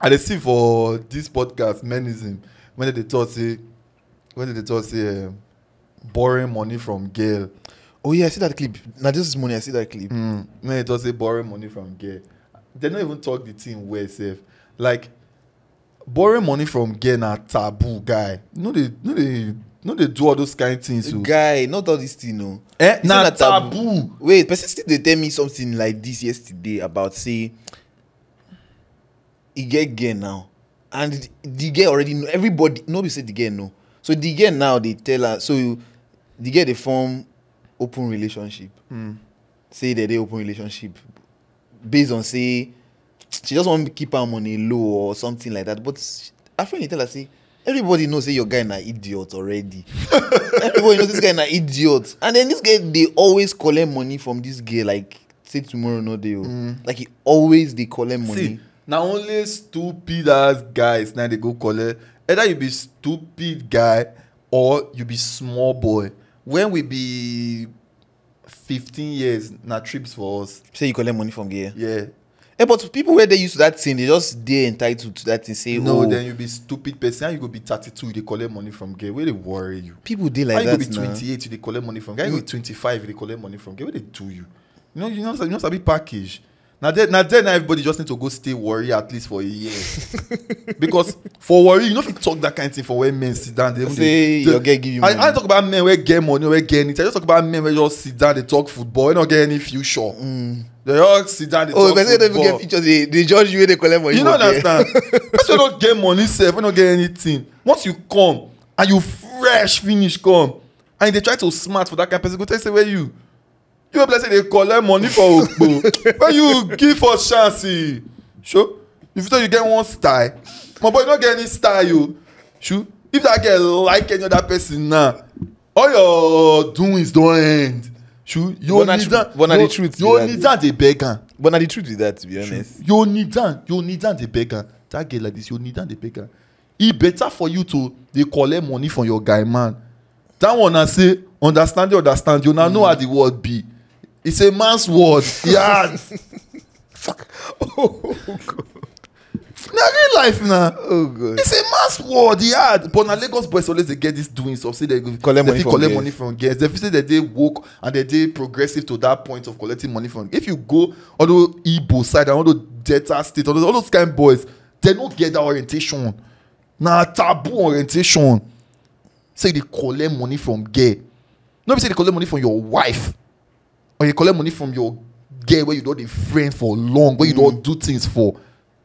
i see for this podcast menism when they talk say when they talk say um, borrowing money from girl oh yeah i see that clip Now this is money. i see that clip. Mm, when they talk say borrowing money from girl they no even talk the thing well safe. like borrowing money from girl na taboo guy no dey no dey no dey do all those kind things o. Oh. guy not all this thing o. eh na taboo. taboo. wait person still dey tell me something like this yesterday about say e get girl now and the girl already know everybody no be say the girl know so the girl now dey tell her so the girl dey form open relationship. Hmm. say they dey open relationship based on say she just wan keep her money low or something like that but her friend dey tell her say everybody know say your guy na idiot already everybody knows this guy na idiot and then this guy dey always collect money from this girl like say tomorrow no dey o oh. mm. like he always dey collect money. see na only stupid ass guys na dey go collect either you be stupid guy or you be small boy when we be fifteen years na trips for us. say you collect money from girl. yeah Yeah, but people where they used to that thing, they just they entitled to that thing. Say no, oh, then you be stupid person. How you go be thirty two? They collect money from gay. Where they worry you? People they like How that. You go be twenty eight. They collect money from gay. You go twenty five. They collect money from gay. Where they do you? You know, you know, you know, it's a big package. Now then, now then, everybody just need to go stay worry at least for a year. because for worry, you know if talk that kind of thing for where men sit down, they say they, your girl give you money. I, I talk about men where get money, where get anything. I just talk about men where just sit down, they talk football, they don't get any future. Mm. They all sit down, they oh, talk football. Oh, because they don't get future. they, they judge you where they collect money. You don't understand. Person don't get money, self, we don't get anything. Once you come and you fresh finish come and they try to smart for that kind of person, go tell say where you you be like say dey collect money for ogbo when you give for chance e eh, sure if you say you get one style eh, my boy you no get any style o sure if that girl like any other person now all your doings don end sure you only down you need that dey beg am but na the truth be that to be honest you need that. you need that dey beg am that girl like this you need that dey beg am e better for you to dey collect money from your guy man that one na say understand understand you na know mm. how the world be It's a man's word. Yeah. Fuck. Oh, God. Na real life na. Oh, God. It's a mass word. Yeah. But na Lagos boys always dey get this doing. So, say they go collect money, from, collect money from girls. They feel say that they woke and that they progressive to that point of collecting money from. If you go all the Igbo side and all the Delta state, all those, all those kind boys, they no get that orientation. Na taboo orientation. Say they collect money from girl. No be say they collect money from your wife or you collect money from your girl wey you don dey friend for long wey you don mm. do things for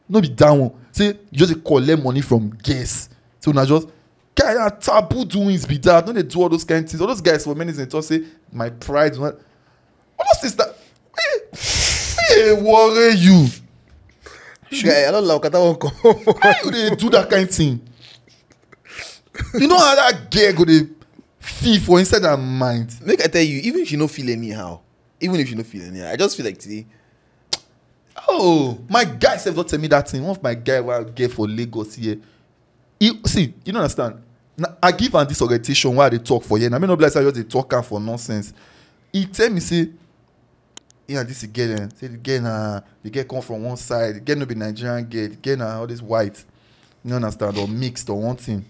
no be that one say you just dey collect money from girls so na just guy na taboo doings be that no dey do all those kind things all those guys for many things talk say my pride all those things na wey wey worry you. guy i no like okada wan come. why you dey do that kind thing you know how that girl go dey feel for inside her mind. make i tell you even if she no feel anyhow even if you don't feel any. I just feel like today. Oh, my guy said not tell me that thing. One of my guy where I get for Lagos here. He, see, you don't understand. Now, I give am this orientation why they talk for here. And I mean not bless I just they talk am for nonsense. He tell me say, yeah, this girl eh, say the girl na the girl come from one side, the girl no be Nigerian girl, the girl na all this white. You understand or mixed or one thing.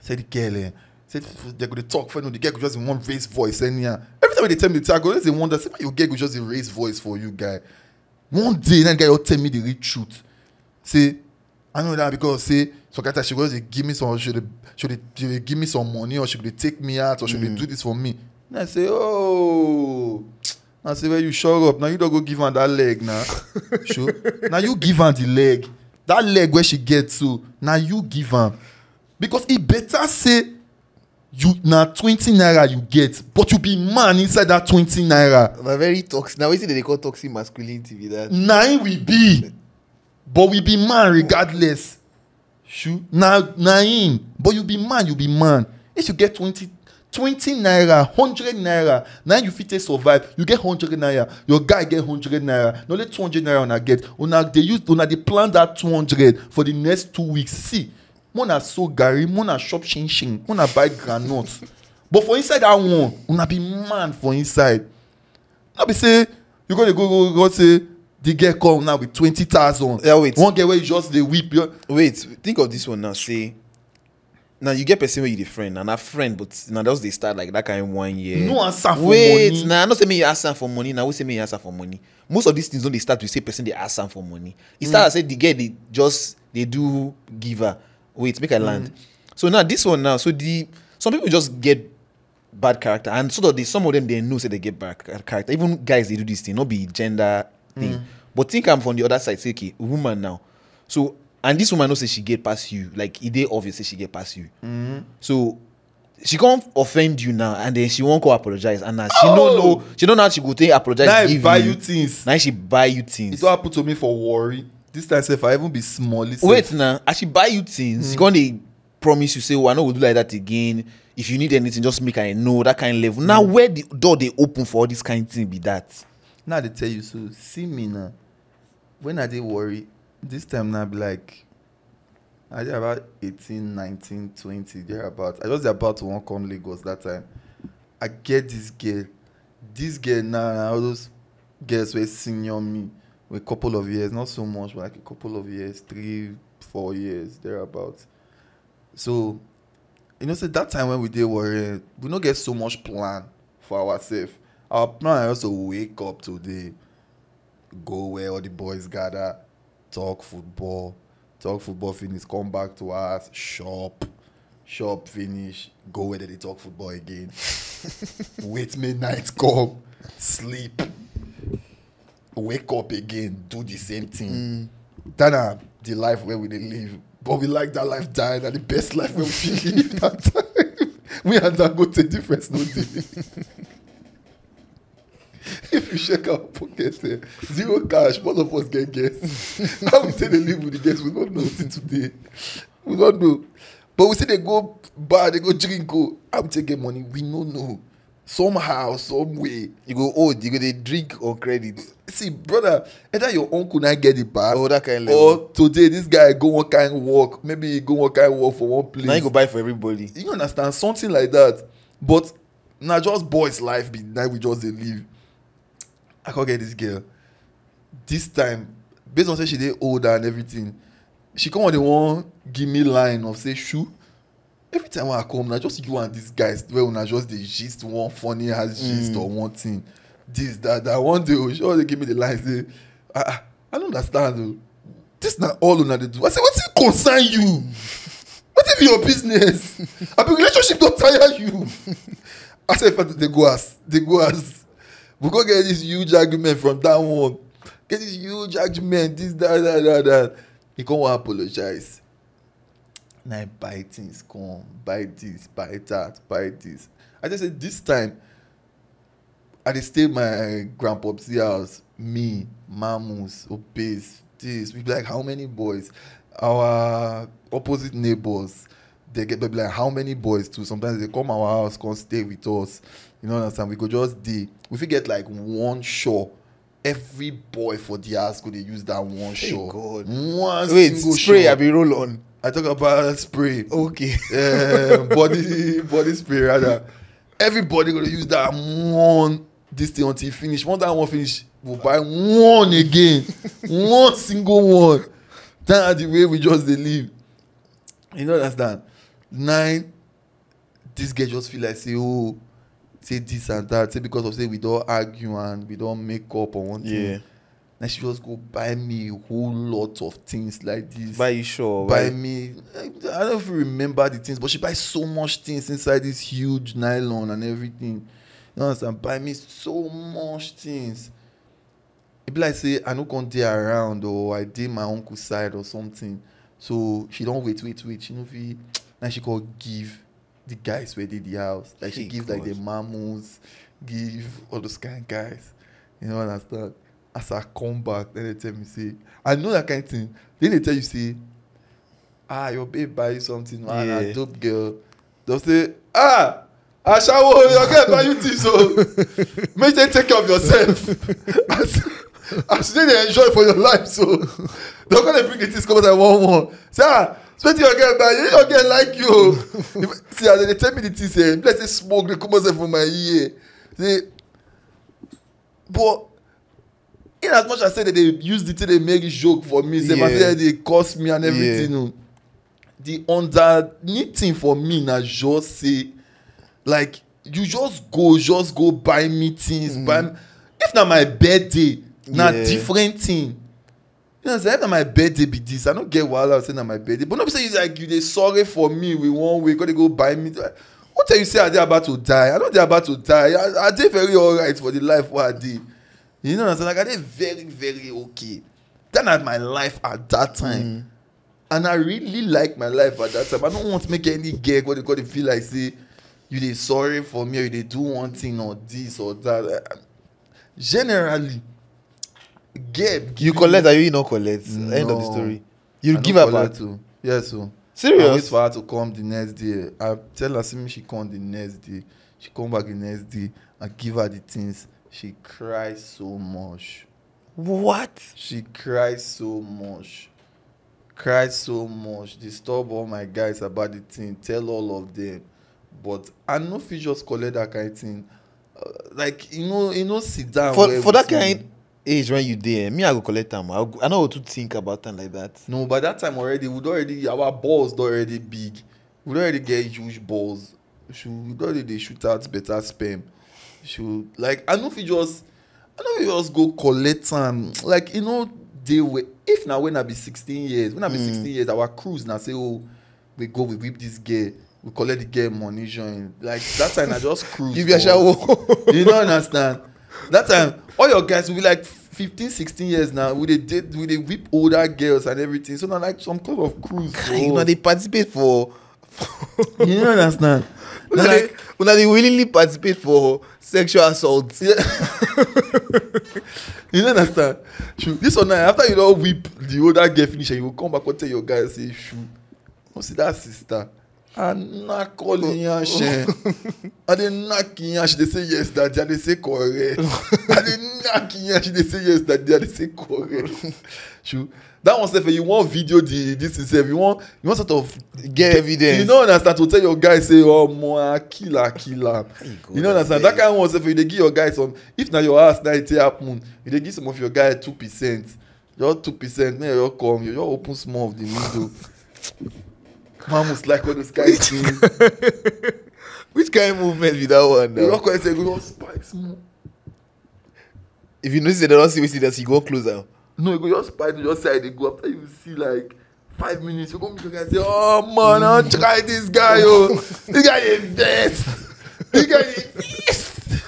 Say the girl eh, say they go dey talk for you know the girl go just dey wan raise voice anyhow uh, every time they tell me the thing i go always dey wonder say why your girl go just dey raise voice for you guy one day that guy just tell me the real truth say i know that because say sokata she go just dey give me some she dey she dey she dey give me some money or she go dey take me out or she go mm. dey do this for me and i say Oh. I say, well, you sure up. Now you don't go give her that leg now. sure. Now you give her the leg. That leg where she gets to. Now you give her. Because it e better say you na 20 naira you get but you be man inside that 20 naira na very toxic na wetin dem dey call toxic masculinity be that na im we be but we be man regardless shu na na but you be man you be man if you get 20 20 naira 100 naira na you fit take survive you get 100 naira your guy get 100 naira na only 200 naira una get una dey use una dey plan that 200 for the next two weeks see mona sow garri mona chop chin-chin mona buy groundnut but for inside that one una be man for inside no be say you go dey go go go say the girl come now with twenty thousand. Yeah, wait. One girl wey you just dey weep. Wait, think of this one now. Say, now you get person wey you dey friend, and na friend, but na just dey start like that kind of one year. No answer for wait, money. Wait, na no say me you ask am for money. Na we say me you ask am for money. Most of these things don dey start with say person dey ask am for money. E start mm. as say the girl dey just dey do giver wait, make I land. Mm. So now this one now, so the some people just get bad character, and so that they, some of them they know say they get bad character. Even guys they do this thing, not be gender thing. Mm. But think I'm from the other side. Say okay, woman now. So and this woman know say she get past you, like it they obviously she get past you. Mm. So she can't offend you now and then she won't go apologize and now she oh. don't know she don't know how she go take apologize now she buy you, things now she buy you things it don't happen to me for worry This time, if I even be small, wait now. I should buy you things. Mm. You gonna promise you say, "Oh, I know we'll do like that again." If you need anything, just make I know that kind of level. Mm. Now, hmm. where the door they open for all this kind of thing be that? Now they tell you so. See me now. When I did worry, this time now be like, I did about nineteen, twenty. There about. I was about to want come Lagos that time. I get this girl. This girl now, nah, all those girls were senior me. a couple of years, not so much, but like a couple of years, three, four years, thereabouts. So, you know, say so that time when we did worry, we don't get so much plan for ourselves. Our plan also wake up today, go where all the boys gather, talk football, talk football finish, come back to us, shop, shop finish, go where they talk football again. Wait midnight, come, sleep wake up again, do the same thing. Mm. That the life where we live. But we like that life dying and the best life where we live that time. we and that go to difference no day. if you check our pocket, eh, zero cash, one of us get guests. How we say they live with the guests, we don't know today. We don't know. But we say they go bar, they go drink, go. Oh. How we take get money? We no know. somehow some way you go old you go dey drink on credit see brother either your uncle na get the pass or oh, that kind level or today this guy go one kind work maybe he go one kind work for one place na he go buy for everybody you understand something like that but na just boys life be na we just dey live i come get this girl this time based on say she dey older and everything she come on the one give me line of say shoe every time i come na just you and these guys wey una just dey gist one funny ass gist mm. or one thing this that that one day o oh, she always give me the line say ah, ah, i i no understand o oh. this na all una dey do i say wetin concern you wetin be your business abi relationship don tire you i say fact dey go as dey go as we go get this huge argument from that one get this huge argument this that that that that he come wan apologize now I buy things, come, buy this, buy that, buy this. I just said this time I just stay my grandpa's house, me, mamus, obese, this. We be like how many boys? Our opposite neighbors, they get they be like how many boys too. Sometimes they come our house, come stay with us. You know what I'm saying? We go just day. If we get like one show, every boy for the house could they use that one show? shot. one Wait, single shot. Wait, spray I be roll on. I talk about spray. Okay. Uh, body body spray rather. Everybody gonna use that one this thing until finish. Once that one finish, we'll buy one again. one single one. That's the way we just dey live. You know that's that. Nine, this guy just feel like say, oh, say this and that. Say because of say we don't argue and we don't make up on one thing. Yeah. and she just go buy me a whole lot of things like this. Buy you sure? Buy right? me. I don't even remember the things, but she buy so much things inside this huge nylon and everything. You understand? Buy me so much things. It be like say I no come dey around or I dey my uncle side or something. So she don't wait, wait, wait. She no fit. Now she call give the guys where dey the house. Like she, give God. like the mammals, give all those kind guys. You know understand? as i come back then they tell me say i know that kind of thing then they tell you say ah your babe buy you something man ah, yeah. na dope girl just say ah aṣawo your girl buy you things o oh. make you take care of yourself as as you dey enjoy for your life so don come dey bring the things come outside one one say ah especially your girl buy you your girl like you o oh. see as dem dey tell me the thing say eh, be like say smoke dey come outside for my ear say but in as much as say they dey use the thing dey make joke for me say my sister dey curse me and everything yeah. the underneath thing for me na just say like you just go just go buy me things mm. buy me if na my birthday na yeah. different thing you know say if na my birthday be this i no get wahala say na my birthday but no be say you like you dey sorry for me We one way go dey go buy me like, who tell you say i dey about to die i no dey about to die i, I dey very alright for the life wey i dey. You know, what so like I did very, very okay. Then I had my life at that time. Mm. And I really like my life at that time. I don't want to make any gag what they call it feel like say you dey sorry for me or you dey do one thing or this or that. Generally, get you collect are you no collect. No, End of the story. You I give her at too. Oh. Yes, so. Oh. Serious? I wait for her to come the next day. I tell her see me she come the next day. She come back the next day. I give her the things. She cries so much. What? She cries so much. Cries so much. Disturb all my guys about the thing. Tell all of them. But I know if you just collect that kind of thing. Uh, like you know, you know, sit down. For for that kind. age when you there, me i go collect them. i, I no go too think about them like that. no by that time already we already our balls don already big we already get huge balls we already they shoot out better sperm Should like i no fit just i no fit just go collect am like e no dey well if na when i be sixteen years when i be hmm. sixteen mm. years our cruise na say oh we go we whip this girl we collect the girl money join like that time na just cruise give your shawo you no understand that time all your guys be like fifteen sixteen years now we dey date we dey whip older girls and everything so na like some kind of cruise. you no dey participate for. you no understand Una, like, dey, una they willingly participate for sexual assault. Yeah. you don't understand? True. This one, after you don't whip the older girl finish, and you will come back and tell your guy, say, shoo, no see that sister. And knock all in your shit. And they knock in your shit. They say yes, that they say correct. and they knock in your shit. They say yes, that they say correct. True. That one, if you want video the, this itself, you want you want sort of get evidence. You know, understand to tell your guy say, oh, more killer, killer. you know, understand that kind of one. If you they give your guy some, if now your ass now it happen, you they give some of your guy two percent, your two percent, now you come, you open small of the window. Mamus like all those guys Which kind of movement with that one? Now? You don't say go spice more. If you notice they see that, go No, you go just buy, to your side, they go after you see like five minutes, you go meet your guy say, Oh man, I'll try this guy, yo. Oh. this guy is best. This guy is best.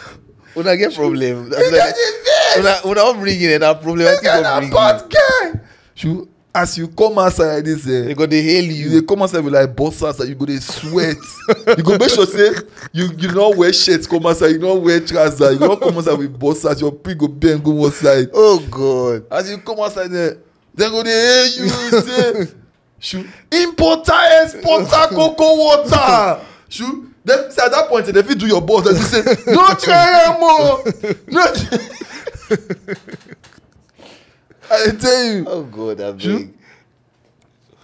When I get problem, this guy is best. When I, when I bring in eh, that problem, this I think I'm bringing. This guy is a bad guy. as you come outside like this eh, they go dey hail you you dey come outside with like boxers and you go dey sweat you go make sure say you you no wear shirt come outside you no wear trouser you go come outside with boxers your pig go bend go one side. oh god as you come outside there dem go dey hail you say shu importer exporter cocoa water Shoo! dem say at that point dem fit do your boss dem say no try am o oh. no. I tell you. Oh God, I beg.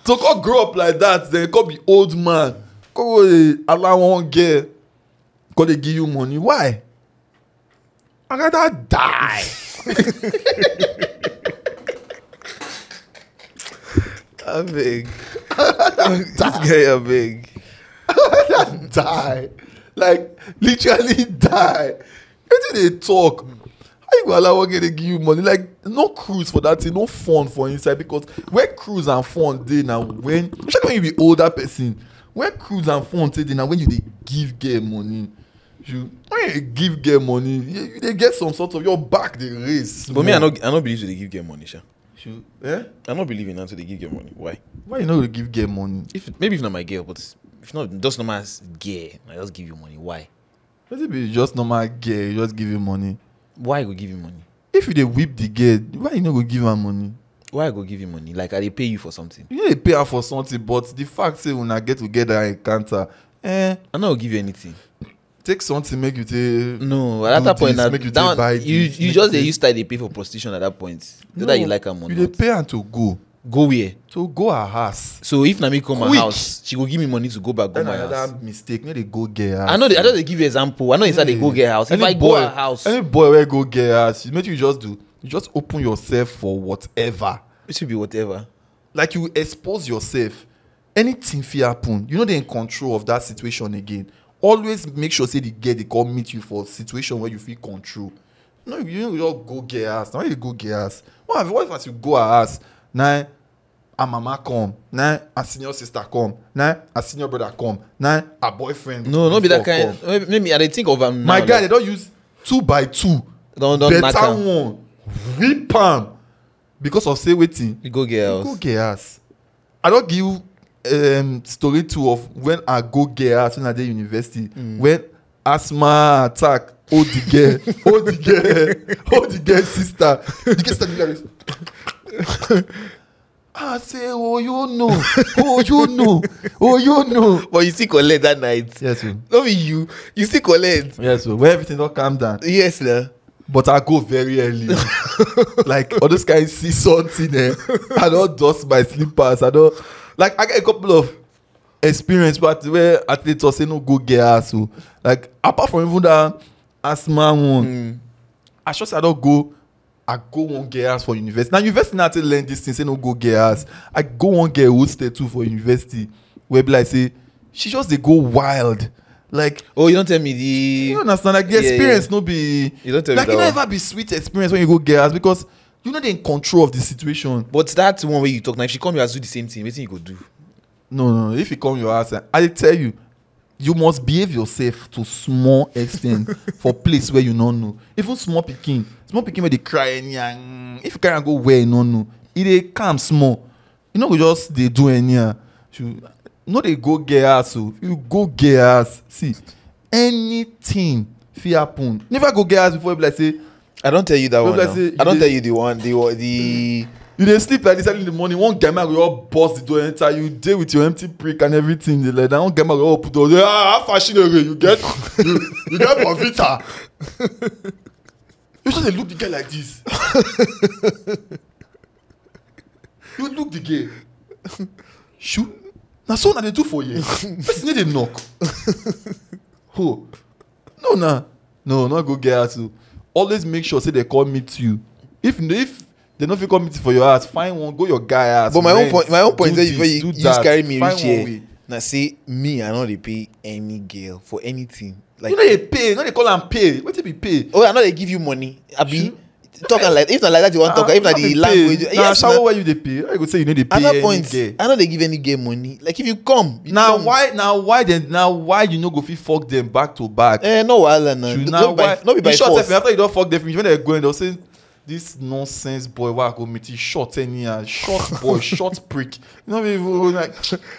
To come grow up like that, then come be old man. Come go dey allow one girl come dey give you money. Why? I gotta die. I beg. this guy, I beg. I rather die. Like literally die. do they talk? how you go allow one girl dey give you money like no cruise for that thing no fun for inside because when cruise and fun dey na when especially when you be older person when cruise and fun dey na when you dey give girl money you when you give girl money you, you dey get some sort of your back dey raise. but me i no i no believe to dey give girl money sha. Sure. Eh? i no believe in that to dey give girl money why. why you no dey give girl money. if maybe if na my girl but if not just normal girl i just give you money why. wetin be just normal girl you just give you money why you go give him money if you dey whip the girl why you no go give am money why i go give you money like i dey pay you for something you no dey pay her for something but the fact say una get together encounter eh i no go give you anything take something make you take no at that point na you you just dey use style dey pay for prostitution at that point whether you like am or not you dey pay am to go go where? So go her house. So if Nami come Quick. her house, she go give me money to go back go Then my house. mistake. No, they go get her. I know. They, I know they give you example. I know inside they go get her house. If Any I boy, go her house, Any boy where go get her house, make you just do. You just open yourself for whatever. it should be whatever. Like you expose yourself. Anything fear happen. You know they in control of that situation again. Always make sure say the girl they come meet you for situation where you feel control. No, you know you just go get ass. house. Now you go get ass? house. What if, what if as you go ass? house? Now her mama come na her senior sister come na her senior brother come na her boyfriend no no be that kind come. maybe i dey think of am um, now my guy They don't use two by two don don knack am better one rip him because of say waiting. you go get house go get house i don't give um, story two of when i go get house when i did university mm. when asthma attack hold the girl hold the girl hold the girl sister the girl sister do I say, oh, you know, oh, you know, oh, you know. But you see Colette that night. Yes, sir. Not be you. You see Colette. Yes, sir. Where everything not calm down. Yes, sir. But I go very early. like, all those guys see something there. Eh? I don't dust my slippers. I don't. Like, I get a couple of experience but where athletes are saying no go get ass. So, oh. like, apart from even that asthma one, mm. I just I don't go I go wan get house for university. Now university now I take learn this thing, say no go get house. I go wan get old stay too for university. Where be like say, she just dey go wild. Like Oh, you don't tell me the You understand? Like the yeah, experience yeah. no be You don't tell like, me. Like it never be sweet experience when you go get house because you're not in control of the situation. But that's one way you talk. Now if she come your house do the same thing, what you go do? No, no, If you come your house, I tell you, you must behave yourself to small extent for place where you don't know. Even small picking small pikin wey dey cry anyhow if you carry am go where you no know e dey calm small you no go just dey do anyhow no dey go get house o you go get house see anything fit happen never go get house before you be like say i don tell you that one now i don tell you the one the the. you dey sleep like this early in the morning one guy man go just burst the door enter you dey with your empty prick and everything dey like that one guy man go just open door say ah how far she dey go you get you, you get bonvita You should look the guy like this. you look the guy. Shoot. Now, so now they do for you. Person need a knock. Who? No, nah. No, not go get out. Always make sure say they call meet you. If if they no fit come meet for your ass, find one, go your guy ass. But my rent, own point, my own point is this, you, you just carry me reach here. Now see me, I know they pay any girl for anything. like you know they pay you know they call am pay wetin be pay. oh i know they give you money abi talk am like if na like that you wan talk am ah, if na the language pay. yes na where you dey pay I you go say you no dey pay any point, girl. i no dey give any girl money like if you come. You na come. why na why dem na why you no go fit fuck dem back to back. eh no wahala na no, no, no be by force. you sure sef after you don fuck dem finish when dem go in dem say this nonsense boy wey go meet, he short anyhow, uh, short boy, short prick. You not know, even like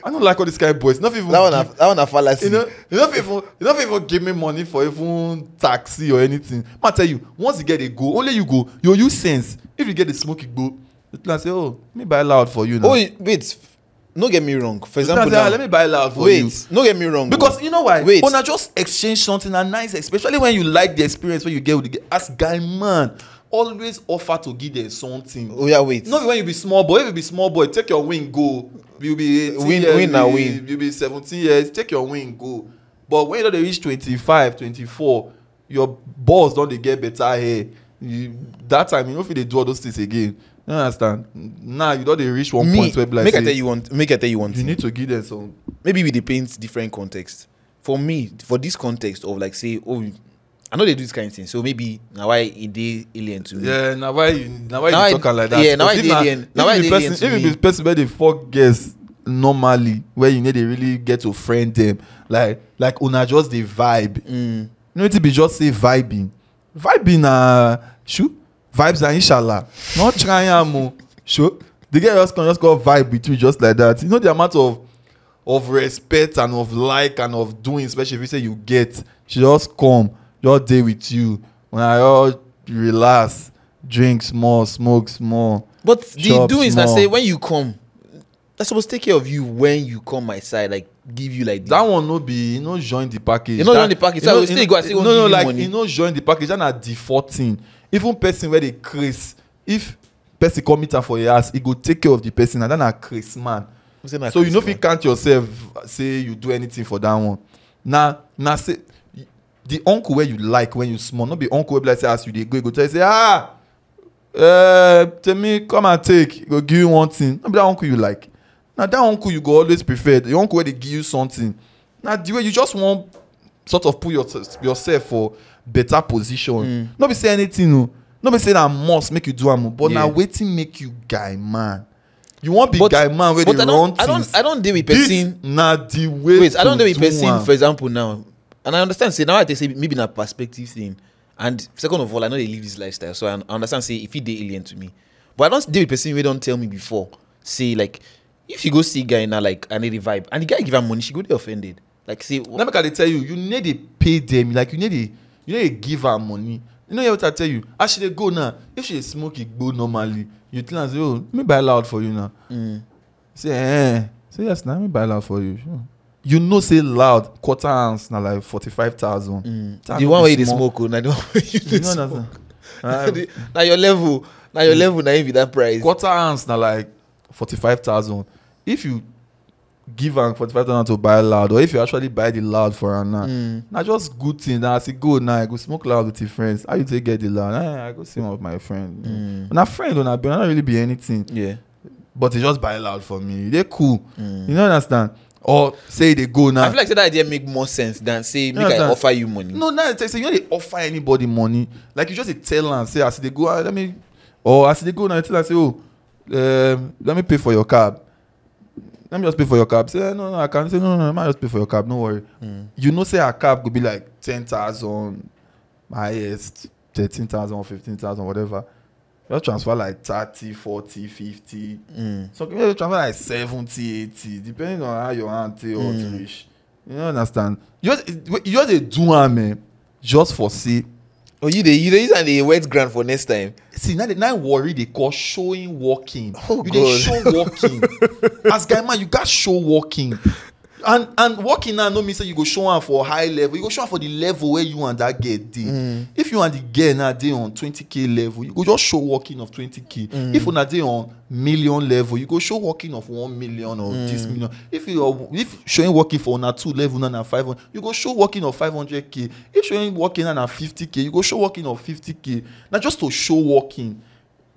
I don't like all these kind of boys. Not even that one. Give, that one a fallacy. You know, you not even you not even give me money for even taxi or anything. Ma tell you, once you get a go, only you go. You use sense. If you get a smoke, go, you can say, oh, let me buy loud for you now. Oh wait. no get me wrong for example ah, now let me buy loud for wait, you wait no get me wrong because you know why wait una just exchange something na nice especially when you like the experience wey you get with the guy as guy man always offer to give them something. oya oh, yeah, wait no be when you be small boy if you be small boy take your wing, go you be eighteen win, years win na win you be seventeen years take your wing, go but when you don dey reach twenty-five twenty-four your balls don dey get better hair you that time you no fit dey do all those things again you understand now you don dey reach one Me, point where be like say make i tell you one make i tell you one you thing you need to give them some. maybe we dey paint different context for me for this context of like say oh I know they do this kind of thing, so maybe now why it e dey alien to me. Yeah, now why you now why now you talk like that? Yeah, now why e dey alien? Now why e dey alien to me? If the person wey dey fuck girls normally, where you need to really get to friend them, like like una just the vibe. Mm. You know it be just say vibing, vibing na uh, shu vibes na inshallah. Not trying, am o, shu. The guy just can just go vibe with you just like that. You know the amount of of respect and of like and of doing, especially if you say you get, she just come just day with you when I all relax drink small smoke small but the do is na say when you come i suppose take care of you when you come my side like give you like that one no be e no join the package e no join the package so i go still go i still no no like e no join the package that at default thing even person where they craze if person come meet am for your house e go take care of the person and then na craze man so you no fit count yourself say you do anything for that one Now, na say the uncle wey you like when you small no be uncle wey be like say as you dey go he go tell you say ah uh, temi come and take he go give you one thing no be that uncle you like na that uncle you go always prefer the uncle wey dey give you something na the way you just wan sort of put your, yourself for better position mm. no be say anything o no be say na must make you do am o but yeah. na wetin make you guy man you wan be but, guy man wey dey run things but i don i don deal with person this na the way wait, to do am wait i don deal with person for example now And I understand. See, now I say maybe in a perspective thing. And second of all, I know they live this lifestyle. So I understand, say, if he they alien to me. But I don't deal with person who don't tell me before. Say, like, if you go see guy now, like, I need a vibe. And the guy give her money, she go, be offended. Like, see. Let me can tell you, you need to pay them. Like, you need to, you need to give her money. You know what I tell you? As she go now, if she smoke it go normally, you tell her, say, oh, let me buy loud for you now. Mm. Say, eh. Say, yes, now, let me buy loud for you. Sure you know say loud quarter ounce na like forty-five thousand. Mm. the oh, one wey you dey smoke o na the one wey you dey smoke na your level na your mm. level na im be that price. quarter ounce na like forty-five thousand if you give am forty-five thousand to buy loud or if you actually buy the loud for am now mm. na just good thing na as e go now i go smoke loud with your friends how you take get the loud eh i go see one of my friend mm. una friend una be una really be anything yeah. but e just buy loud for me e dey cool mm. you no understand. or say they go now. I feel like say that idea make more sense than say make I offer you money. No, now it's say you know they offer anybody money. Like you just tell and say as they go, ah, let me or as they go now you tell and say oh, um, let me pay for your cab. Let me just pay for your cab. Say eh, no, no, I can't. Say no, no, no, I just pay for your cab. No worry. Mm. You know, say a cab could be like ten thousand, highest thirteen thousand, or fifteen thousand, whatever just transfer like thirty, forty, fifty. mm. some people transfer like seventy, eighty, depending on how your hand take or mm. reach you no understand you just you just dey do am eh just for say. oh you dey you dey use am dey wet ground for next time. see na the na worry dey call showing walking. oh you god you dey show walking as guy man you gats show walking and and working now no mean say you go show am for high level you go show am for the level where you and that girl dey mm. if you and the girl now dey on twenty k level you go just show working of twenty k mm. if una dey on million level you go show working of one million or mm. this million if you if showing working for una two level now na five hundred you go show working of five hundred k if showing working now na fifty k you go show working of fifty k na just to show working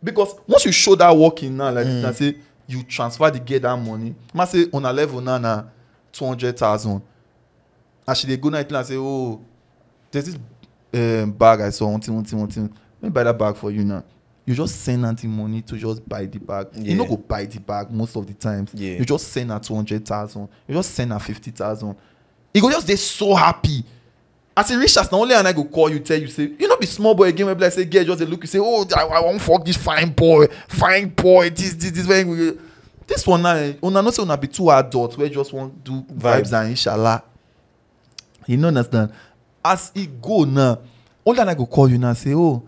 because once you show that working now like mm. this na say you transfer the girl that money ma say una level now na. na two hundred thousand as she dey go night plan say oh there's this um, bag i saw one thing one thing one thing let me buy that bag for you now you just send her the money to just buy the bag yeah. you no go buy the bag most of the times yeah. you just send her two hundred thousand you just send her fifty thousand e go just dey so happy as e reach as na only and i go call you tell you say you no be small boy again wey I say girl just dey look you say oh i, I wan fok this fine boy fine boy this this this very this one now una know say una be two adults wey just wan do vibes and inshallah you no understand as e go now only i go call you now say oh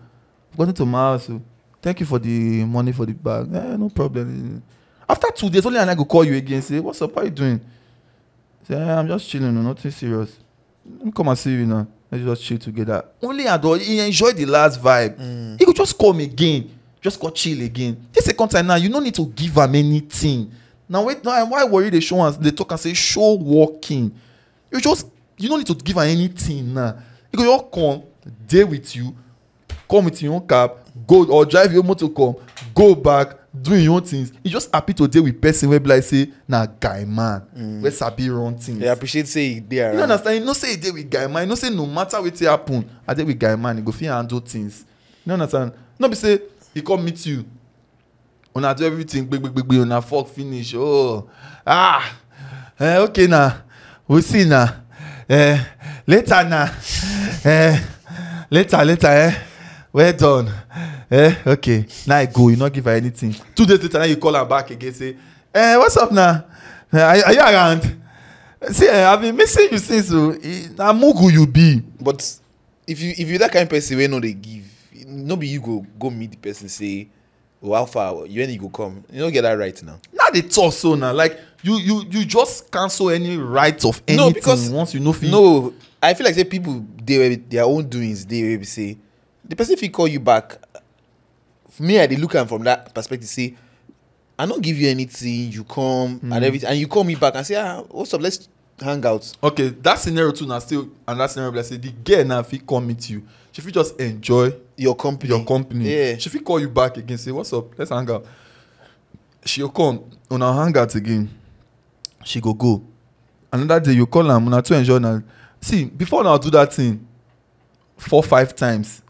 going to my house o oh, thank you for the money for the bag eh no problem after two days only i go call you again say what's up how you doing say eh i'm just chilling o oh, nothing serious let me come and see you now let's just chill together only adult he enjoy the last vibe mm. he go just come again just go chill again this second time now you no need to give am anything Now wait na why worry dey show am dey talk am say show working you just you no need to give am anything now e go just come dey with you come with your own cab go or drive your motor come go back do your own things You just happy to dey with person wey be like say na guy man mm. wey sabi run things. dey appreciate say e dey around. you understand you know say e dey with guy man you know say no matter wetin happen i dey with guy man e go fit handle things you understand no be say he come meet you una do everything gbegbegbegbe una fok finish oh ah eh, okay na we we'll see na eh, later na eh, later later eh, well done eh, okay now i go you no give her anything two days later now you call am back again say eh, what's up na eh, are, are you around see eh, i been missing you since o oh. na mugu you be. but if you if you that kind of person wey no dey give no be you go go meet the person say oh how far when you go come you don't get that right now. Not the talk so like you you you just cancel any right of anything no, because, once you know no i feel like say people they their own doings They where say the person he call you back me i dey look am from that perspective say i no give you anything you come mm. and everything and you call me back and say ah what's up let's hang out. okay that scenario too na still another scenario be like say the girl na fit come meet you she fit just enjoy your company your company yeah. she fit call you back again say what's up let's hang out she go come una hang out again she go go another day you call am una too enjoy na see before una do that thing four five times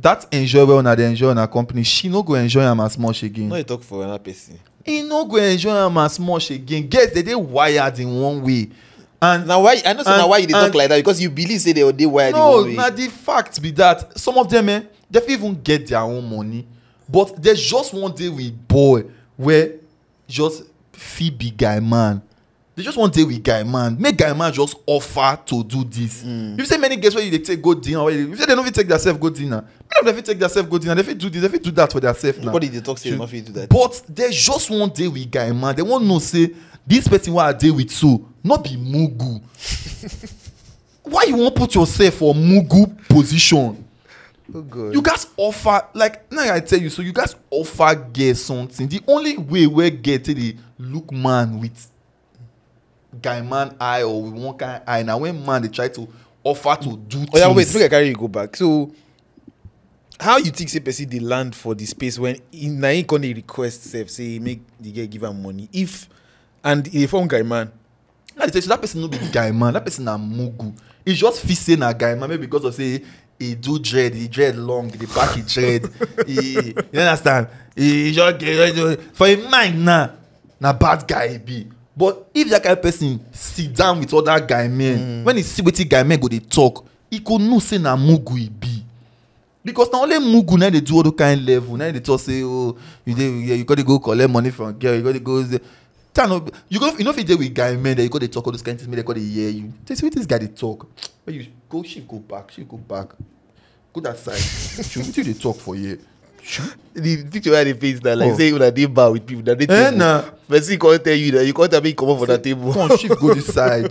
that enjoy wey una dey enjoy una company she no go enjoy am as much again. no dey talk for another person. He no go enjoy am as much again girls dey dey wired in one way and na why i know say na why you dey talk like that because you believe say they dey wired no, the no na the fact be that some of them eh they fit even get their own money but there's just one day with boy where just fit be guy man they just wan dey with guy man make guy man just offer to do this mm. you say many girls wey you dey take go dinner or you say they no fit take theirself go dinner many of them fit take theirself go dinner they fit do this they fit do that for theirself now nobody dey talk say they no fit do that but they just wan dey with guy man they wan know say this person wey i dey with so no be mugu why you wan put yourself for mugu position oh you gats offer like now i tell you so you gats offer girl something the only way wey girl take dey look man with guy man eye or with one kind eye na when man dey try to offer to do oh, things. oya wait make i carry you go back so how you think say person dey land for the space when na him come dey request sef say make the girl give am money if and e dey form guy man Now they say so that person no be guy man, that person na mugu. He just feel say na guy man maybe because of say he do dread, he dread long, he pack he dread. he, you understand? He, just get for him mind na na bad guy he be. But if that kind of person sit down with other guy men, mm. when he see wetin guy men go dey talk, he go know say na mugu he be. because na only mugu na dey do all those kind level na dey talk say oh you dey you go dey go collect money from girl you go dey go turn up you go you no fit dey with guy men then you go dey talk all those kind things make dem go dey hear you say see wetin this guy dey talk but you go shift go back shift go back go that side show wetin you dey talk for here. the picture wey i dey face na like oh. say una dey bar with people na dey table eh, nah. person come tell you na you come tell me you comot for that table. come shift go this side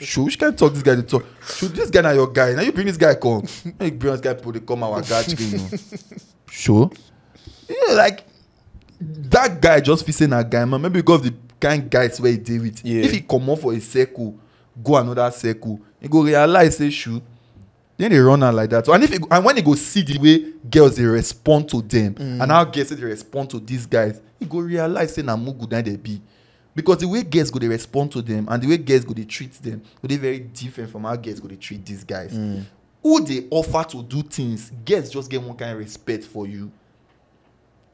show which kind talk this guy dey talk show this guy na your guy na you bring this guy come no you bring this guy dey come our guy chicken o show you know like that guy just fit say na guy man maybe because the kind guys wey e dey with yeah. if e comot for a circle go another circle He go realize say shu dem dey run am like that so, and if it, and when he go see the way girls dey respond to them, mm. and how girls dey respond to these guys he go realize say na mugu na dey be because the way girls go dey respond to them, and the way girls go dey treat them, go dey very different from how girls go dey treat these guys mm. who dey offer to do things girls just get one kind of respect for you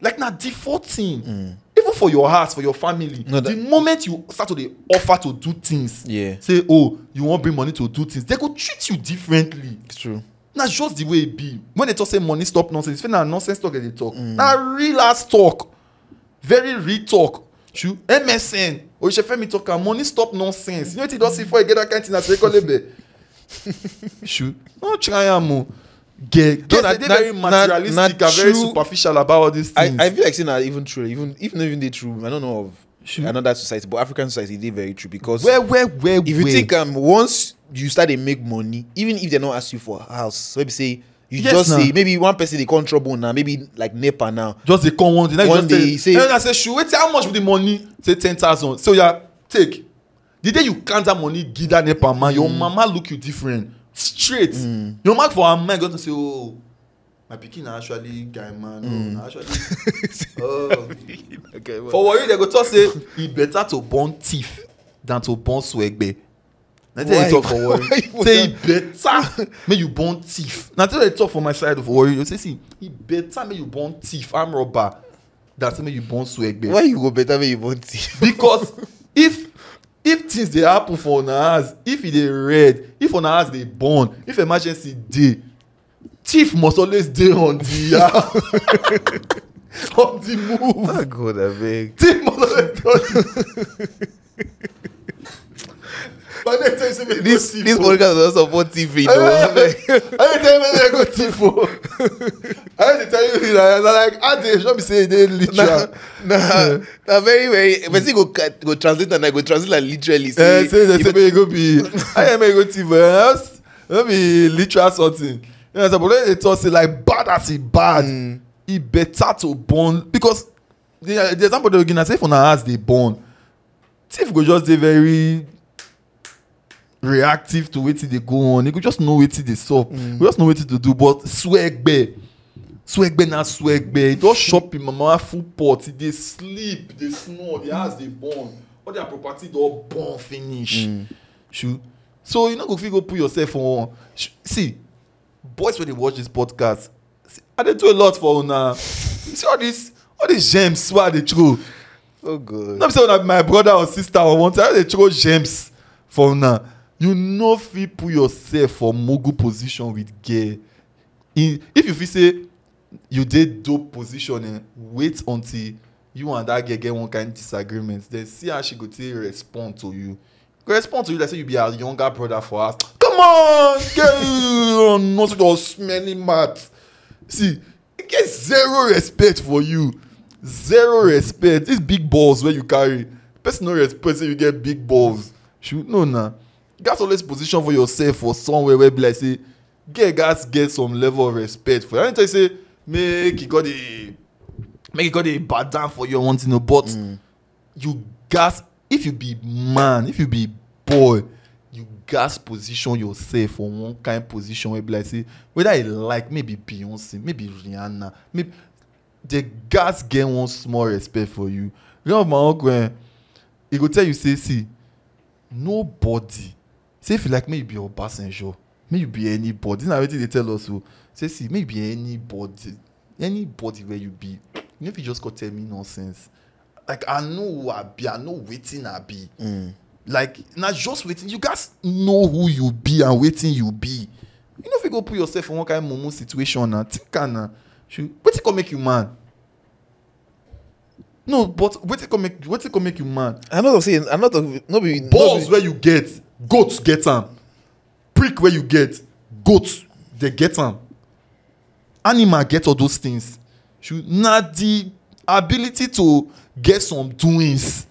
like na default thing. Mm even for your house for your family no, the moment you start to dey offer to do things yeah. say oh you wan bring money to do things they go treat you differently it's true na just the way e be when they talk say money stop nonsense if na nonsense talk they dey talk mm. na real ass talk very real talk true msn orisefemi talk am money stop nonsense you know wetin you don see before you get that kind of thing na sekolebe true no try am o. get, get no, they very materialistic and very superficial about all these things. I, I feel like saying that even true, even even even the true. I don't know of sure. another society, but African society they very true because where where where if you where? think um once you start to make money, even if they don't ask you for a house, maybe say you yes, just nah. say maybe one person they come trouble now, maybe like NEPA now. Just they come one day. One day say, say, then I say, sure, wait, how much with the money? Say ten thousand. So yeah, take. The day you count that money, give that NEPA man, mm. your mama look you different. straight mm. no mark for her mind go to say oh my pikin na actually guy man oh, mm. na actually oh for warri dem go talk say e better to born thief than to born swegbe na tell you talk for warri say e better make you born thief na tell you talk for my side of warri say see e better make you born thief arm rubber than say make you born swegbe why you go better make you born thief because if if things dey happen for una house if e dey red if una house dey burn if emergency dey thief must always dey on the on the move. oh god abeg. thief must always dey on the This this podcast is not tifo. This podcast doesn't support tifo. Anytime I go tifo. I have to tell you that like I dey show me say e dey literal. Nah, nah, very very. Person go go translate and I go translate like literally. Say, uh, eh, say they say make go be. I am go eh, tifo. No be literal something. You know, but when they talk say like bad as e bad, mm. e better to born because the, the example they go give na say for na house dey born. Thief go just dey very reactive to wetin dey go on You go just know wetin dey sup mm. go just know wetin to do but swegbe swegbe na swegbe e don chop im mama full pot e dey sleep dey snore the house dey burn all their property don burn finish mm. Shoot. so you no go fit go put yourself on see boys wey dey watch this podcast see, i dey do a lot for una see all these all these gems wey i dey throw oh god no be say una be my brother or sister or one thing i no dey throw gems for una you no fit put yourself for mogul position with girl in if you feel say you dey dope position eh wait until you and that girl get one kind disagreement then see how she go take respond to you respond to you like say you be her younger brother for her come on girl no so just smelling mouth see e get zero respect for you zero respect these big balls wey you carry person no respect say you get big balls she no na you gats always position for yourself for somewhere where be like say girl gats get some level of respect for you i don tell you say make you go dey make you go dey bad down for your one thing o but mm. you gats if you be man if you be boy you gats position yourself for one kind position wey be like say whether you like maybe beyonce maybe rihanna maybe they gats get one small respect for you you know my uncle eh he go tell you say see nobody say if you like make you be obasanjo make you be anybody na wetin dey tell us o oh. say see make you be anybody anybody where you be you no fit just go tell me nonsense like i know who i be i know wetin i be mm. like na just wetin you gats know who you be and wetin you be you no fit go put yourself in one kind of mumu situation na think am na wetin come make you man no but wetin come make wetin come make you man. i no talk say i no talk no be. balls no be, wey you get goat get am prick wey you get goat dey get am animal get all those things na the ability to get some doings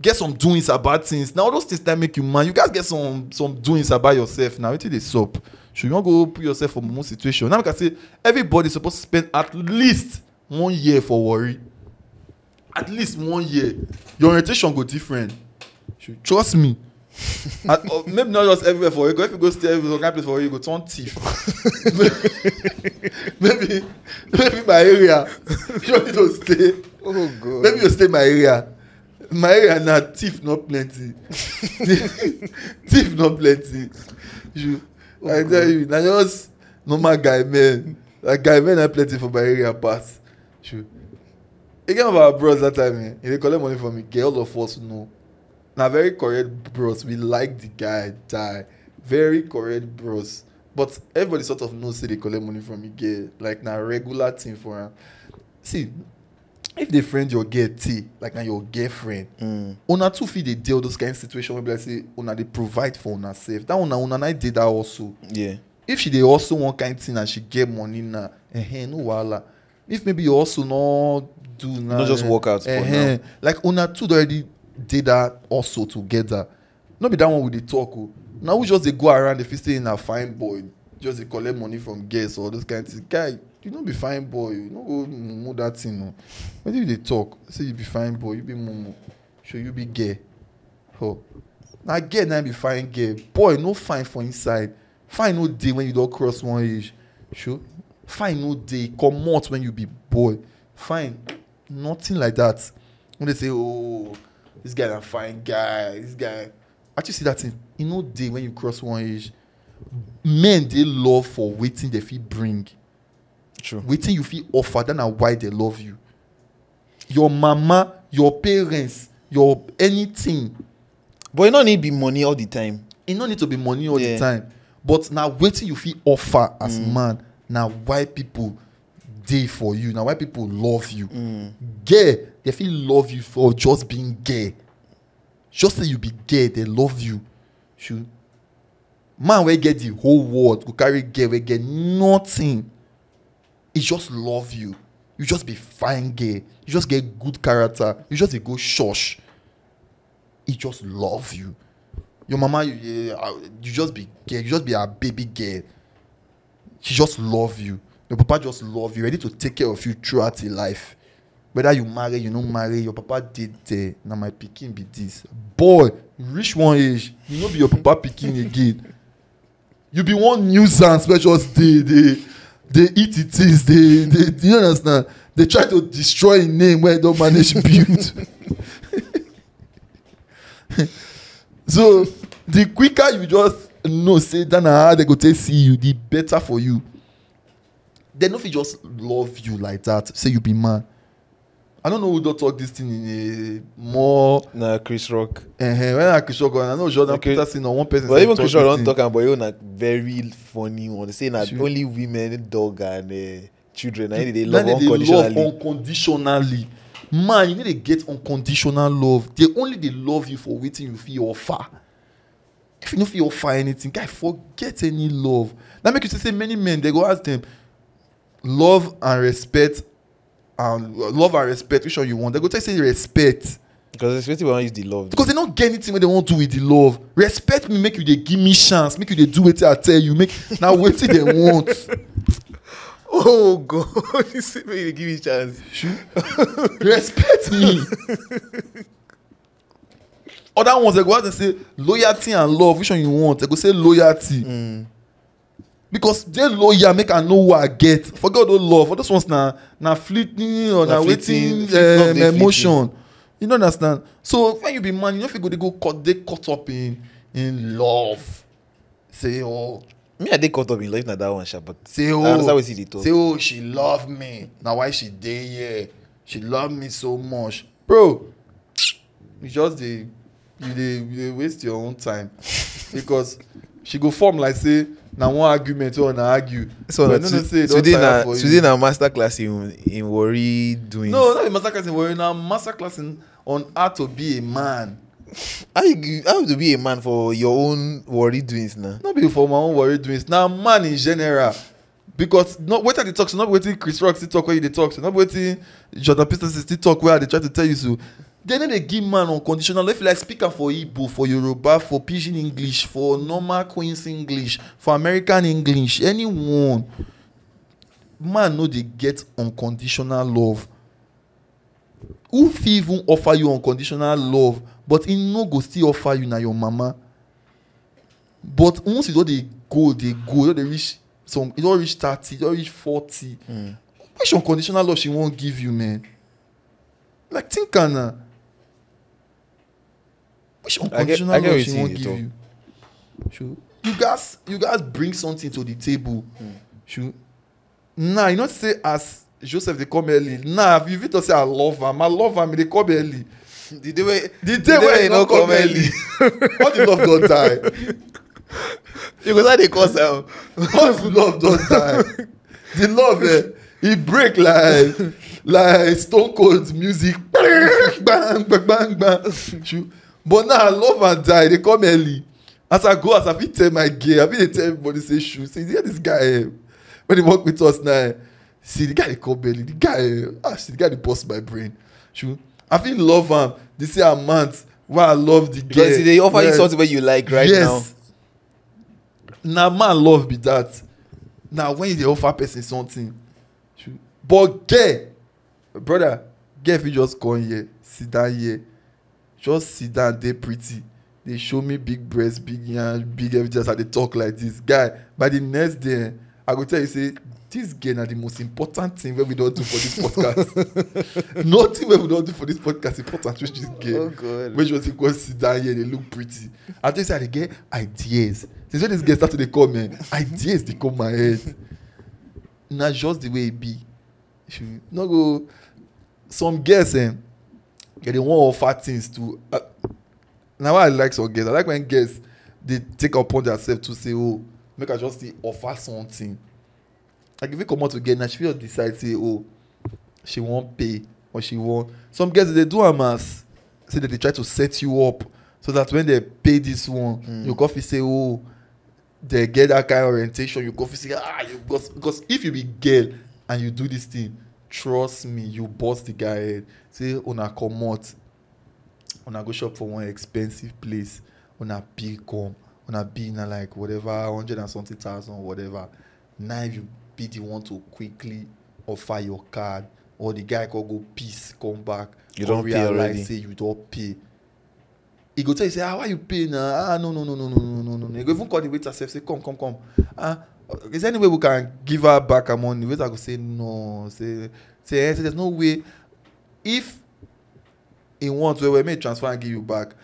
get some doings about things na all those things that make you man you gats get some some doings about yourself na wetin dey sup Should you wan go put yourself for mumu situation now make i say everybody suppose spend at least one year for worry at least one year your orientation go different trust me and, or oh, maybe not just everywhere for you. Oyigo if you go stay every kind place for you, you go turn thief maybe maybe my area you no need to stay oh God. maybe you stay my area my area na thief no plenty thief no plenty you oh I God. tell you na just normal guy men like guy men na plenty for my area pass you e get one of our bros that time eh he dey collect money from me Get all of us know. Now, very correct bros. We like the guy, die. Very correct bros. But everybody sort of knows say they collect money from a girl. Like now regular thing for him. See, if they friend your girl T, like now your girlfriend, mm. una two feet they deal those kind of situation where like say una they provide for una safe. That una una I did that also. Yeah. If she they also want kind of thing and she get money now, eh, no wala. If maybe you also not do now, not just eh, work out. Eh, eh, like una too already did that also together no be that one with the talk o na who just they go around dey feel say na fine boy just they collect money from girls or those kind things guy you no be fine boy you no go mumu that thing o wetin you they talk say you be fine boy you be mumu so you be gay? oh now gay now be fine gay. boy no fine for inside fine no day when you don't cross one age sure fine no day e come out when you be boy fine nothing like that when they say oh this guy a fine guy, this guy. Actually, see that thing. You know, day when you cross one age, men they love for waiting they feel bring. True. Waiting you feel offer, then why they love you. Your mama, your parents, your anything. But you don't need be money all the time. You don't need to be money all yeah. the time. But now waiting you feel offer as mm. man. Now why people day for you. Now why people love you. Mm. Gay, they feel love you for just being gay. Just say you be gay, they love you. Should man will get the whole world, go carry gay, We get nothing. It just love you. You just be fine gay. You just get good character. You just go shush. It just love you. Your mama, you, you just be gay. You just be a baby gay. She just love you. Your papa just love you. Ready to take care of you throughout your life. whether you marry you no marry your papa dey there na my pikin be this boy reach one age you no be your papa pikin again you be one nuisance wey just dey dey dey eat it things dey dey you understand dey try to destroy im name wey don manage build so the quicker you just know say that na how they go take see you the better for you they no fit just love you like that say you be man I don't know who don't talk this thing in a more. Nah, Chris Rock. Uh-huh. When I Chris Rock, I know Jordan okay. Peterson or one person. But even Chris Rock don't talk about you Like very funny one. They say not only women, dog and uh, children. I need they love unconditionally. love unconditionally. Man, you need to get unconditional love. They only they love you for waiting you feel offer. If you don't feel offer anything, guy, forget any love. That make you say many men they go ask them, love and respect and uh, love and respect which one you want they go tell you say respect because respect, when you use the love because they no get anything wey they wan do with the love respect me make you dey give me chance make you dey do wetin i tell you make na wetin they want oh god you say make you dey give me chance respect me other ones they go ask them say loyalty and love which one you want they go say loyalty mm because dey lawyer make i know who i get for god o love for those ones na na fleeting or na wetin eh, emotion you no understand so when you be man you no fit go dey go cut dey cut up in in love say oh me i dey cut up in love if na that one sha but say oh i understand say oh she love me na why she dey here she love me so much bro you just dey you dey waste your own time because she go form like say na one argument or na argue so but no no say don tire for you today na master class in in worry doing no not be master class in worry na master class in on how to be a man how you how to be a man for your own worry doings na no be for my own worry doings na man in general because no wetin i dey talk so no be wetin chris rock still talk when you dey talk so no be wetin jordan peterson still talk wey i dey try to tell you so dem no dey give man unconditional if you like speak am for igbo for yoruba for pidgin english for normal queens english for american english anyone man no dey get unconditional love who fit even offer you unconditional love but e no go still offer you na your mama but once you e don dey go e dey go you e don dey reach some you don reach thirty you don reach forty mm. which unconditional love she wan give you man like think am na. Uh, which unconditional love she will give you? Should, you guys, you guys bring something to the table. Mm. Should, nah, you not say as Joseph they come early. Nah, if you fit to say I love him, I love him. They come early. The day where the day where he not come early, all the love don't die. you go say they call am. All the love don't die. The love, eh, it break like like Stone Cold music. bang bang bang bang. but now i love and die dey come early as i go as i fit tell my girl i fit dey tell everybody say shoe say you hear this guy eh when he work with us now eh? see the guy dey come early the guy eh ah see the guy dey burst my brain shoe i fit love am dey say i'm mad why i love the girl because he dey offer yes. you something wey you like right yes. now yes na man love be that na when you dey offer person something shoe but girl brother girl fit just come here sit down here just sit down dey pretty dey show me big breast big yan big everything as i dey talk like this guy by the next day i go tell you say this girl na the most important thing wey we don do for this podcast nothing wey we don do for this podcast important reach this girl oh wey just go sit down here dey look pretty i tell you say i dey get ideas since when this girl start to dey come eh ideas dey come my head na just the way e be she no go some girls eh yeah, they want offer things to. Uh, now I like some girls. I like when girls they take upon themselves to say, "Oh, make I just say offer something." Like if you come to get. now she will decide say, "Oh, she won't pay or she won't." Some girls they do a mass, say that they try to set you up so that when they pay this one, mm. you go say, "Oh." They get that kind of orientation. You go say, ah, you because because if you be girl and you do this thing, trust me you burst the guy head say una comot una go shop for one expensive place una pay come una be na like whatever hundred and something thousand whatever now you be the one to quickly offer your card or the guy come go peace come back you don pay already say you don pay He go tell you say ah why you pay na ah no no no no no no no no He go even call the waiter sef say come come come ah is there any way we can give her back her money wait i go say no say say eh say there's no way if he want well well make he transfer and give you back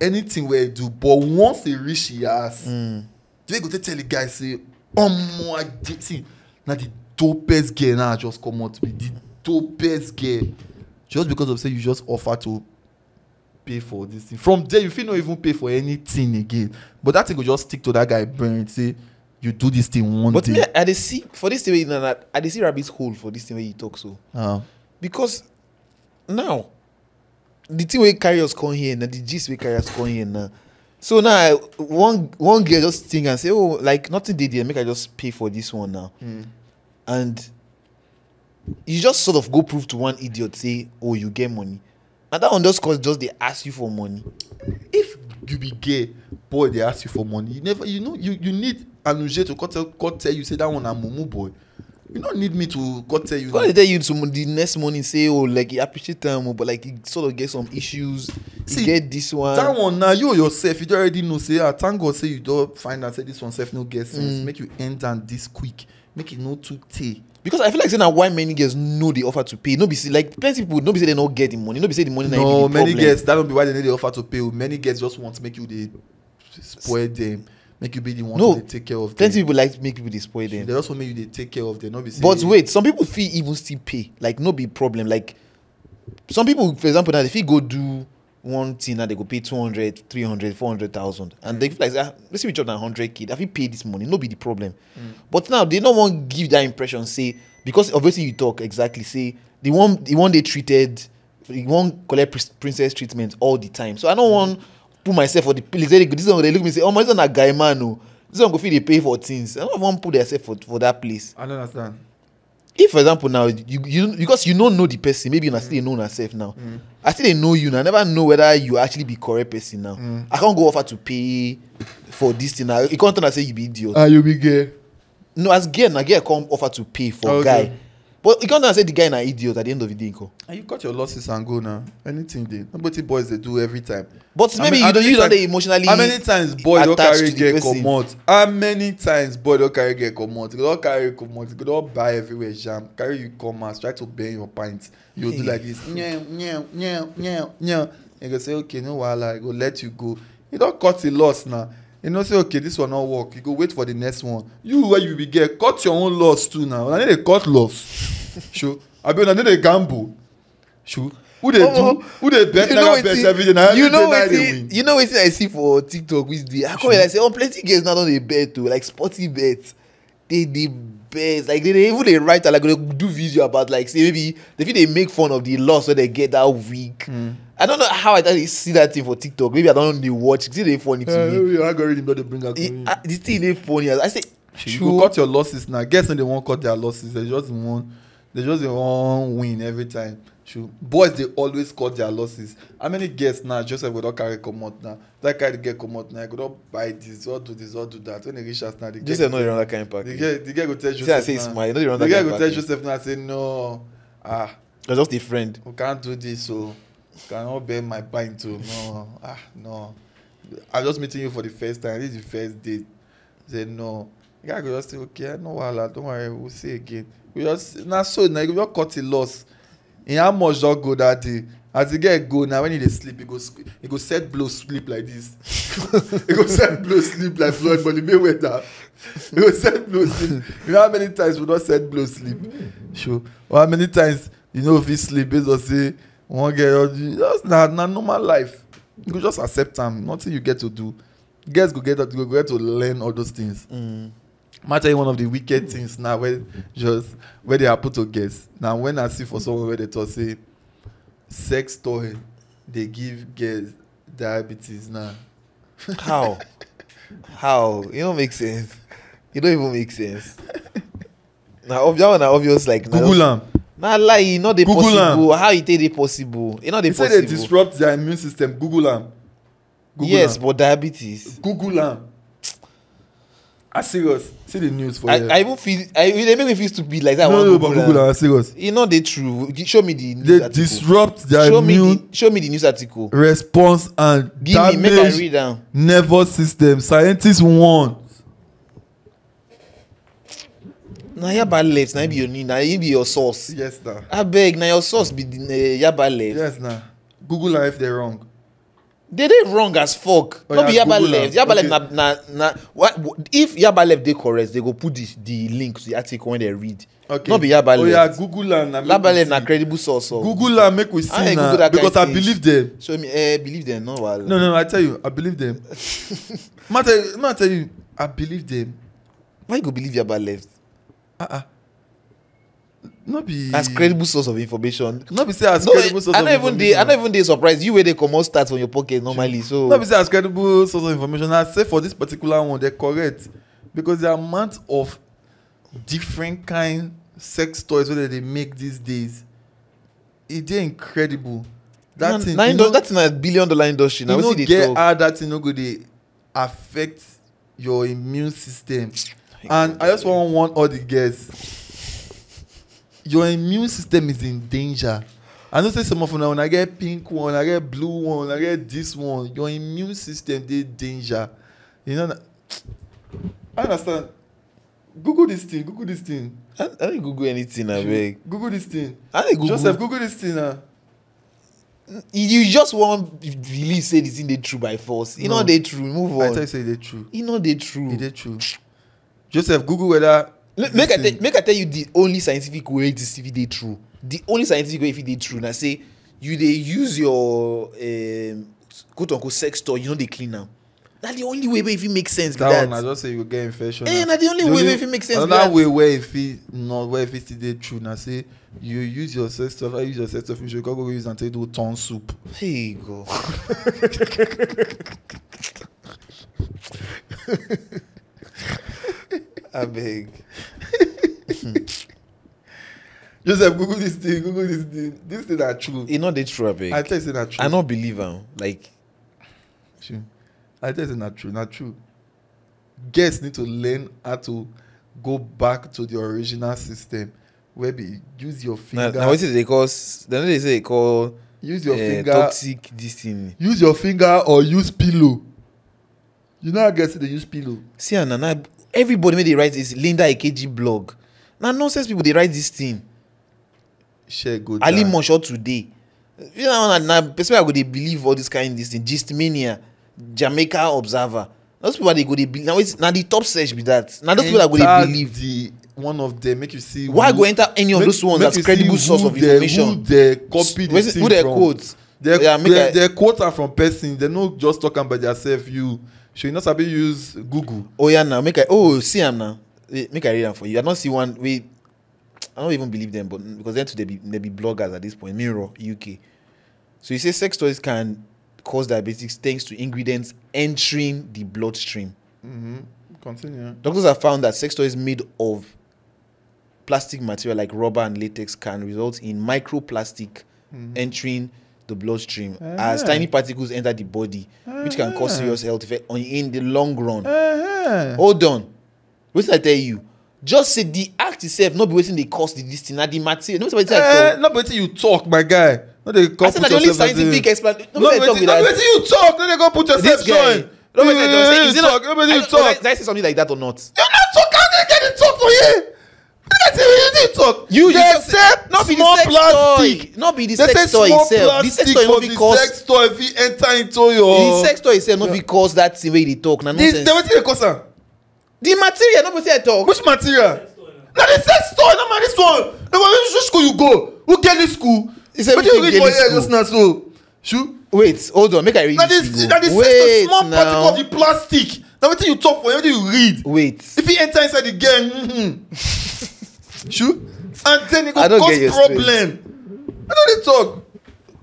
anything wey he do but once he reach he house mm. the way he go take tell the guy say omo um, i dey see na the dopest girl now nah, just comot be the dopest girl just because of say you just offer to pay for this thing from there you fit no even pay for anything again but that thing go just stick to that guy brain say. you do this thing one but day. But me, I, see for this thing you know, I, see rabbit hole for this thing where you talk so. Uh-huh. Because now the thing where carriers come here now the gist where carriers come here now. So now I, one one girl just think and say, oh, like nothing did there, make I just pay for this one now. Mm. And you just sort of go prove to one idiot say, oh, you get money. And that one cause just they ask you for money. If you be gay, boy, they ask you for money. You never, you know, you you need and you Ujeto God tell, God tell you say that one a mumu boy you don't need me to God tell you. God dey tell you to the next morning say oh like he appreciate am oh, but like he sort of get some issues. See, he get this one. that one now you yourself you don already know say ah thank God say you don't find out say this one self no get sense mm. make you end and this quick make it no too tey. because i feel like saying na why many girls know the offer to pay nobody say like plenty people no be say they no get the money nobody say the money na no, be the many girls that no be why they need the offer to pay oh, many girls just want to make you the spoil them. make you be the one no, to take care of them. people like make people they spoil them. They also make you they take care of them. Not be but wait, some people feel even still pay. Like no be problem. Like some people, for example, now if you go do one thing now they go pay 200 300 400,000 and mm. they feel like ah, let's see we drop 100 kid Have you paid this money no be the problem mm. but now they don't want to give that impression say because obviously you talk exactly say the one the one they treated you will collect princess treatment all the time so I don't mm. want put myself for the place wey dey this one go dey look me say omo this one na guy man o this one go fit dey pay for things i no wan put myself for for that place. i don't understand. if for example now you you because you no know the person maybe una mm. still dey know una sef now mm. i still dey know you na i never know whether you actually be correct person now mm. i come go offer to pay for this thing na e come turn out say you be idiot. ah you be gay. no as girl na girl come offer to pay for okay. guy But you can't now say the guy na idiot at the end of the day, Nko. And you cut your losses and go now. Anything they nobody boys they do every time. But I maybe mean, you don't use they emotionally. attached to How many times boy don't carry get commot? How many times boy don't carry get commot? You don't carry commot. You don't buy everywhere jam. Carry you commerce. Try to bend your pint. You do like this. Yeah, yeah, yeah, yeah, yeah. And go say okay, no wahala. I go let you go. He don't cut the loss now you know say okay this one no work you go wait for the next one you wey you be get cut your own loss too now una no dey cut loss sure abi una no dey gamble sure who dey do oh, oh. who dey bet naira bet everyday na everyday naira dey win. you know wetin i see for tiktok which day i come realize say oh plenty girls now don dey bet o oh, like sporty bet dey dey pets like they dey even they write like they do video about like say maybe they feel they make fun of the loss when they get that week. Mm. I don't know how I actually see that thing for TikTok. Maybe I don't dey watch. See, they funny to uh, me. Your algorithm not dey bring out. The thing dey funny. I say, sure. you cut your losses now. Guess when they won't cut their losses. They just want, they just want win every time. True. Boys dey always cut their losses. How many guests now Joseph go don carry comot now? That carry get comot now, go don buy this, or do this, or do that. When they reach out now, the Joseph no dey run that kind of party. The guy, the guy go tell Joseph. See, I say it's my. No dey run that kind of package. The guy go tell Joseph now say no, ah. You're just a friend. We can't do this, so cannot bend my pint to no, ah no. I'm just meeting you for the first time. This is the first date. Say no. The guy go just say okay, no wahala, don't worry, we'll see again. We just na so na you just cut the loss. In how much don go that day as the girl go na when he dey sleep he go he go set blow sleep like this he go set blow sleep like floyd but he mayweather he go set blow sleep you know how many times we don set blow sleep sure or how many times you no know, fit sleep based on say one girl just na na normal life you go just accept am nothing you get to do girls go get to go get to learn all those things. Mm might tell you one of the wicked things now where just where they are put to guess. Now when I see for someone where they talk say sex toy, they give girls diabetes now. How? How? It don't make sense. It don't even make sense. now that one na obvious like Google am. Na lie, e no dey possible. Am. How e take dey possible? E no dey possible. Say they disrupt their immune system. Google am. Google yes, am. but diabetes. Google am as serious see the news for you. I, I even feel I they make me feel stupid like that. No no but Google am serious. You know, they true show me the news they article. disrupt their show immune me the, show me the news article. response and Give damage me, make I read am. nervous system scientists warn. na yaba left na e be your need na e be your source. yes na. abeg na your source be the uh, yaba left. yes na google am if they wrong. they dey wrong as fuck oh, no be yaba left yaba okay. left na na na what, if yaba left dey correct they go put the the link to the article when they read okay no be yaba left oh, yeah, google and na yaba left na credible source of google and make we see na because i believe them show me eh believe them no wahala no no i tell you i believe them Matter matter you i believe them why you go believe yaba left uh -uh. no be as credible source of information no be say as credible source of information i no even dey surprised you wey dey comot start from your pocket normally so no be say as credible source of information i say for this particular one dey correct because the amount of different kind sex toys wey dem dey make these days e dey incredible that thing e that thing na billion dollar industry na e wetin dey talk you no get how that thing no go dey affect your immune system and i just wan warn all the girls your immune system is in danger i know say some of una una get pink one una get blue one una get this one your immune system dey danger you know na i understand google this thing google this thing i, I google anything abeg google this thing google joseph google this thing na. you just wan believe say the thing dey true by force e no dey true move on i tell you say e dey true e no dey true e dey true joseph google whether make I, te- make I tell you the only scientific way this if dey true. The only scientific way if it true na say you dey use your um, quote unquote sex toy you no dey clean am. Na the only way wey e fit make sense be that. that one na just say you get infection. Eh, na the only the way wey e fit make sense be that. Another way where e fit not where e fit still dey true na say you use your sex stuff i use your sex stuff finish you go go use am take do ton soup. hey go. I beg. Joseph, Google this thing, Google this thing. This thing are true. It's not true, I beg. I tell you, not true. I not believe him. Like, true. I tell you, not true, not true. Guests need to learn how to go back to the original system where be use your finger. Now, now what is they call? Then they say call. Use your uh, finger. Toxic this thing. Use your finger or use pillow. You know, I guess they use pillow. See, and I everybody wey dey write is linda EKG blog na nonsense people dey write this thing ali mosho today you know na person i go dey believe all this kind dis thing mania. jamaica observer those people i dey go dey believe na the top search be that na those people i go dey believe the one of them make you see why go enter any of those ones as credible source of information who dey copy the thing from who dey quote their quote are from person dem no just talk am by theirself you you not sabi use google oh yeah now make i oh see am now make i read am for you i don see one wey i don't even believe them but because then too they be be bloggers at this point mirror uk so you say sex toys can cause diabetes thanks to ingredients entering the bloodstream mm-hmm. continue doctors have found that sex toys made of plastic material like rubber and latex can result in microplastic mm-hmm. entering the bloodstream uh-huh. as tiny particles enter the body, uh-huh. which can cause uh-huh. serious health effects in the long run. Uh-huh. Hold on. Wetin I tell you? Just say the act itself, not be wasting the cost the this thing, na the material. No be uh-huh. wetin I be you talk, my guy. Not the. cost. I said that the only scientific explanation. No be wetin you talk. No go put yourself join. No be wetin talk. No you talk. Did I say something like that or not? You no talk. didn't get it. talk for you. That's it, it talk. You they just say not be the sex toy. Not be the they sex toy itself. The sex toy not be cause. The sex toy if enter into your. The sex toy itself not be cause that thing where they talk. Na nonsense. The wetin dey cause am. The material no be say I talk. Which material? Na the sex toy no my this one. No man which school you go? Who get this school? Is everything get this school. you read for here just now so. Shoot. Wait, hold on, make I read. Now this, now sex toy small particle of the plastic. Now everything you talk for, everything you read. Wait. If you enter inside the game, mm-hmm. Shoo. And then it go cause problem. I don't talk.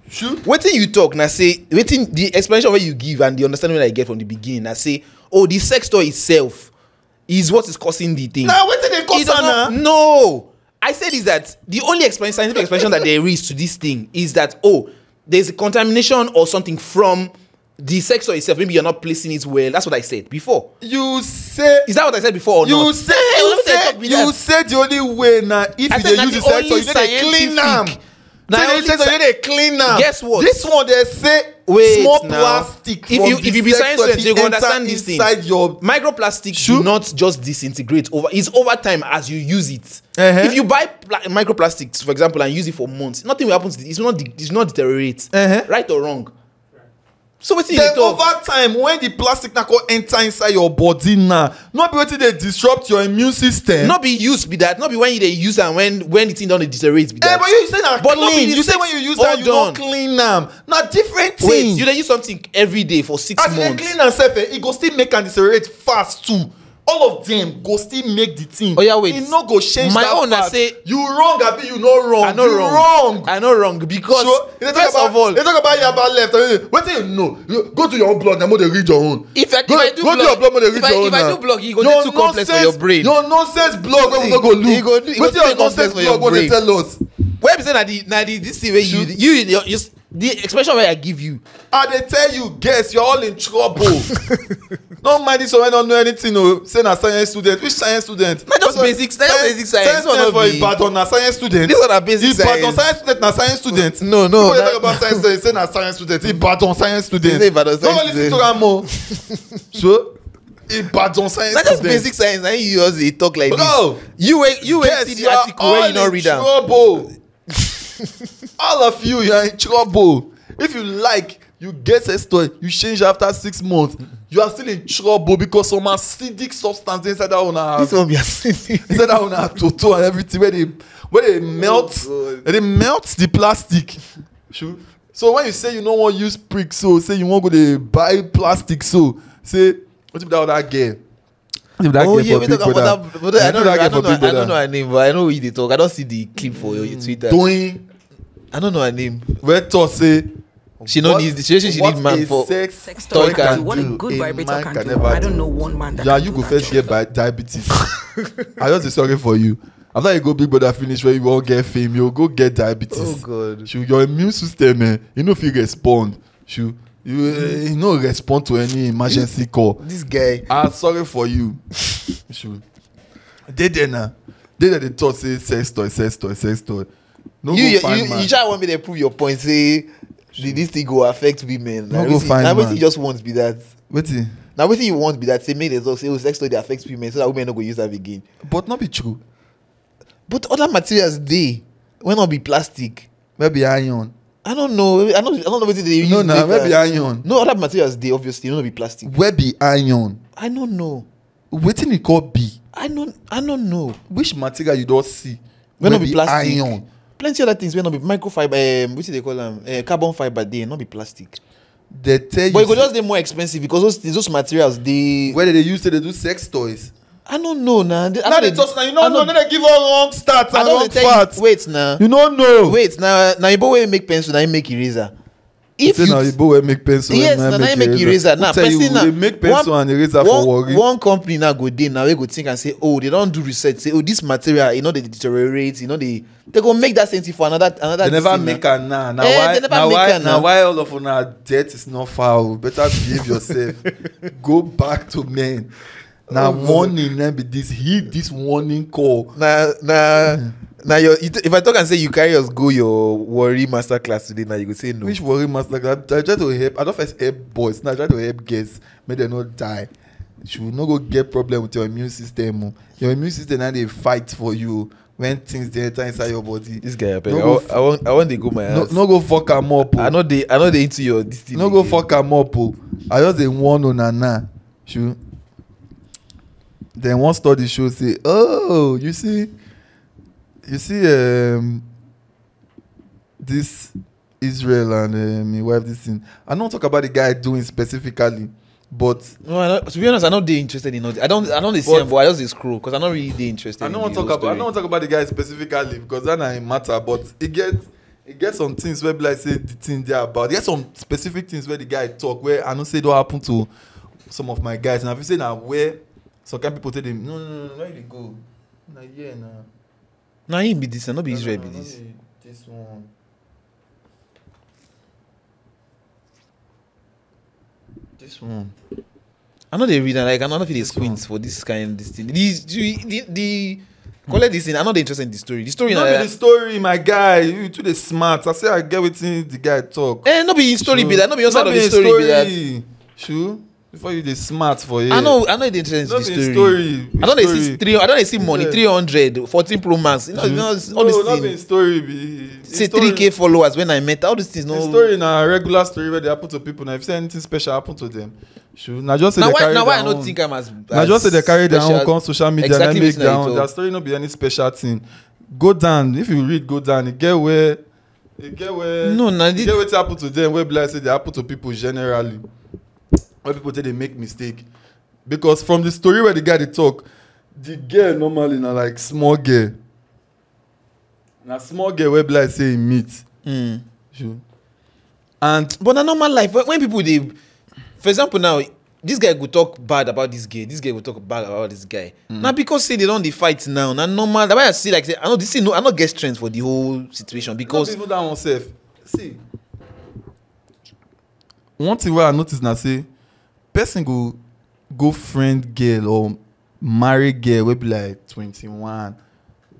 Shoo. Waiting you talk, now say waiting the explanation where you give and the understanding that I get from the beginning, I say, oh, the sex toy itself is what is causing the thing. Now nah, waiting they cause not, No. I said is that the only explanation, scientific explanation that there is to this thing is that oh, there's a contamination or something from the sex sector itself, maybe you're not placing it well. That's what I said before. You say is that what I said before or you not? Say, you say you say the only way now if I you use the, the sector, you need to clean them. Now so they say so they clean now. Guess what? This one they say Wait small now. plastic. If you if you be science you understand this thing. Your microplastic shoe? do not just disintegrate over. It's over time as you use it. Uh-huh. If you buy pla- microplastics, for example, and use it for months, nothing will happen. To it. It's not de- it's not deteriorate. Uh-huh. Right or wrong. so wetin you dey talk then over time when the plastic na come enter inside your body na no be wetin dey disrupt your immune system. no be use be that no be when you dey use am when when the thing don dey deteriorate be eh, that. Eh, but you say na clean you say when you use am you don clean am na different thing. wait you dey use something every day for six as months. as you dey clean am sef eh e go still make am deteriorate fast too all of them go still make the thing. oya oh, wait e no go change my that own part say, you wrong abi you no wrong no you wrong. wrong i no wrong because so, first about, of all they talk about yaba left and eh, wetin you know go to your own blog na mo dey read your own if I, go, if I do go blog, to your blog mo dey read I, your own na if i do blog e go dey too complex for your brain your nonsense blog wey we no go e look e e wetin your nonsense blog go dey tell us. wey be say na the na the this thing wey you you you. you, you the expression wey i give you i dey tell you guess you're all in trouble no mind this one wey no know anything o oh. say na science student which science student na just basic science basic science science one for ibadan na science student this one na basic science ibadan science student na science student no no people dey talk about science student say na science student ibadan science student ibadan science student no only to am o oh. so ibadan science student na just basic science na you use dey talk like this you wey you wey see the article wey you no read am. all of you you are in trouble if you like you get sex toy you change after six months you are still in trouble because some acidic substance inside that una inside that una ah, toto and everything wey dey wey dey melt oh dey melt the plastic sure. so when you say you no wan use prick so say you wan go dey buy plastic so say wetin be that other girl oh yeah we talk about that but i don't know i don't know her name but i know who dey talk i don't see the clip for your twitter doing i don't know her name vector say she no need she say she need man for sex toy can do what a good vibrator can, can do i don't know one man that yeah you go first get by diabetes i just dey sorry for you after you go big brother finish when you all get fame you go get diabetes oh god your immune system man. Eh, you no fit respond you you you eh, no respond to any emergency call. This guy. I'm ah, sorry for you. Sure. They then uh, they that they talk say sex toy, sex toy, sex toy. No you, go you, find you, man. you try want me to prove your point. Say did this thing go affect women? No like, go find now, man. Now just wants be that. Wait. Now wait you want be that. Say make the also say oh sex toy that affects women so that women not go use that again. But not be true. But other materials they will not be plastic. Maybe iron. I don't know. I don't, I don't know what they use. No, no, nah, where be iron? No other materials they obviously not be plastic. Where be iron? I don't know. in it called be. I don't I don't know. Which material you don't see? When where not be plastic? Iron. Plenty other things where not be microfiber. Um, what they call them? Uh, carbon fiber. They not be plastic. They tell but you. But it could just be more expensive because those those materials they. Where they use it, they do sex toys. I don't know now. Nah. Now they talk now. You don't know. Then they give all wrong stats and wrong facts. Wait now. You don't know. Wait now. Now Igbo wey make pencil, now you make eraser. If you say na Igbo wey make pencil, yes, na you make eraser. Now person now make pencil and eraser for worry. One company now go dey now we go think and say, oh, they don't do research. Say, oh, this material, you know, they deteriorate. You know, they they go make that same thing for another another. They never make am now. Now why? Now why? Now why all of una debt is not foul? Better behave yourself. Go back to men na oh, warning, na be this heed this warning call na na na your if i talk am say you carry us go your worry master class today na you go say no which worry master class i try to help i don first help boys now i try to help girls make dem no die you no go get problem with your immune system o oh. your immune system na dey fight for you oh. when things dey enter inside your body. this guy abeg no i wan i wan dey go my house. no no go fok am up o. i no dey i no dey into your dis no go fok am up o i just dey warn una now then one study show say oh you see you see um, this israel and uh, um, my wife this thing i don't talk about the guy doing specifically but no, to be honest i no dey interested in all i don't, i don dey see am but i just dey scroll because i no really dey interested i no wan talk about story. i no wan talk about the guy specifically because that na him matter but e get e get some things wey be like say the thing dey about e get some specific things wey the guy talk wey i know say don happen to some of my guys and i feel say na where So can people tell them, no, no, no, where you go? Na here na. Na him be this, na no be Israel be this. This one. This one. I know they read like I know if it squints for this kind of this thing. These the the, the collect this thing. I know they interested in the story. The story not be the story, my guy. You too the smart. I say I get within the guy talk. Eh, not be story be that. Not be your side of the story be that. Sure. before you dey smart for here. i know i know e dey interesting no be story. story i don dey see three i don dey see money three hundred fourteen pro max you know, mm. you mm-hmm. know all no, this thing. no be story be. say three k followers when i met all these things no. the story na regular story wey dey happen to people na if say anything special happen to them. Sure. na just say they carry their own na why i no think am as as na just say they carry their own come social media exactly and make their own their story no be any special thing go down if you read go down e get where e get where no na e get wetin happen to them wey be like say dey happen to people generally when people tell they make mistake because from the story where the guy dey talk the girl normally na like small girl na small girl wey be like say e meet. Mm. Sure. and. but na normal life when, when people dey for example now this guy go talk bad about this guy this guy go talk bad about this guy. Mm. na because say they don dey fight now na normal na why i see like say i no this thing no i no get strength for the whole situation because. no be even that one sef see one thing wey i notice na say person go go friend girl or marry girl wey be like 21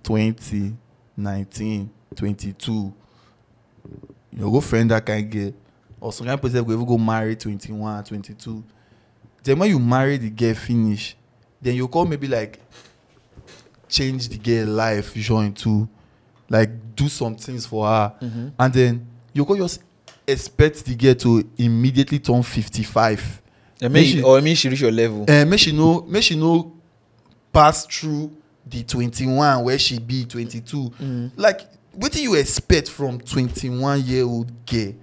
20 19 22 you go friend that kind girl or some kind person go even go marry 21 22 then when you marry the girl finish then you come maybe like change the girl life join too like do some things for her mm-hmm. and then you go just expect the girl to immediately turn 55 or make she reach your level eh, make she no pass through the twenty one where she be twenty 22 mm. like wetin you expect from twenty one year old girl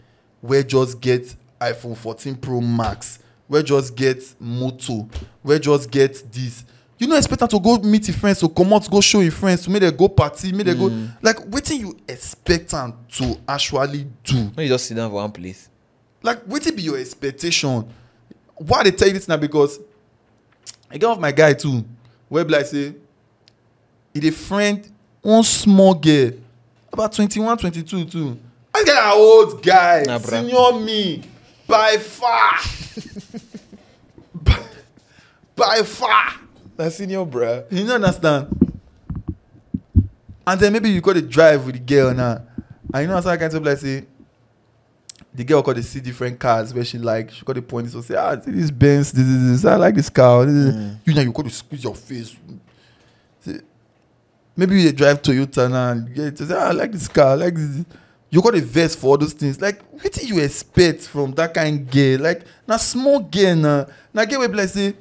wey just get iphone fourteen pro max wey just get moto wey just get this. you no expect her to go meet her friends to comot go show her friends to make dem go party make dem go mm. like wetin you expect am to actually do when you just sit down for one place like wetin be your expectation why they tell you this now? Because I get off my guy too. Where like say, he a friend, one small girl, about twenty one, twenty two too. I get an old guy, nah, senior me, by far. by, by far. That senior, bro. You don't understand. And then maybe you go to drive with the girl now. And you know, so I can tell like say, the girl could see different cars where she like she got the point so say ah this Benz this is this I like this car this mm. you know you got to squeeze your face say, maybe you drive Toyota now and get to say ah, I like this car I like this you got a vest for all those things like what do you expect from that kind of girl like na small girl na na girl wey be like say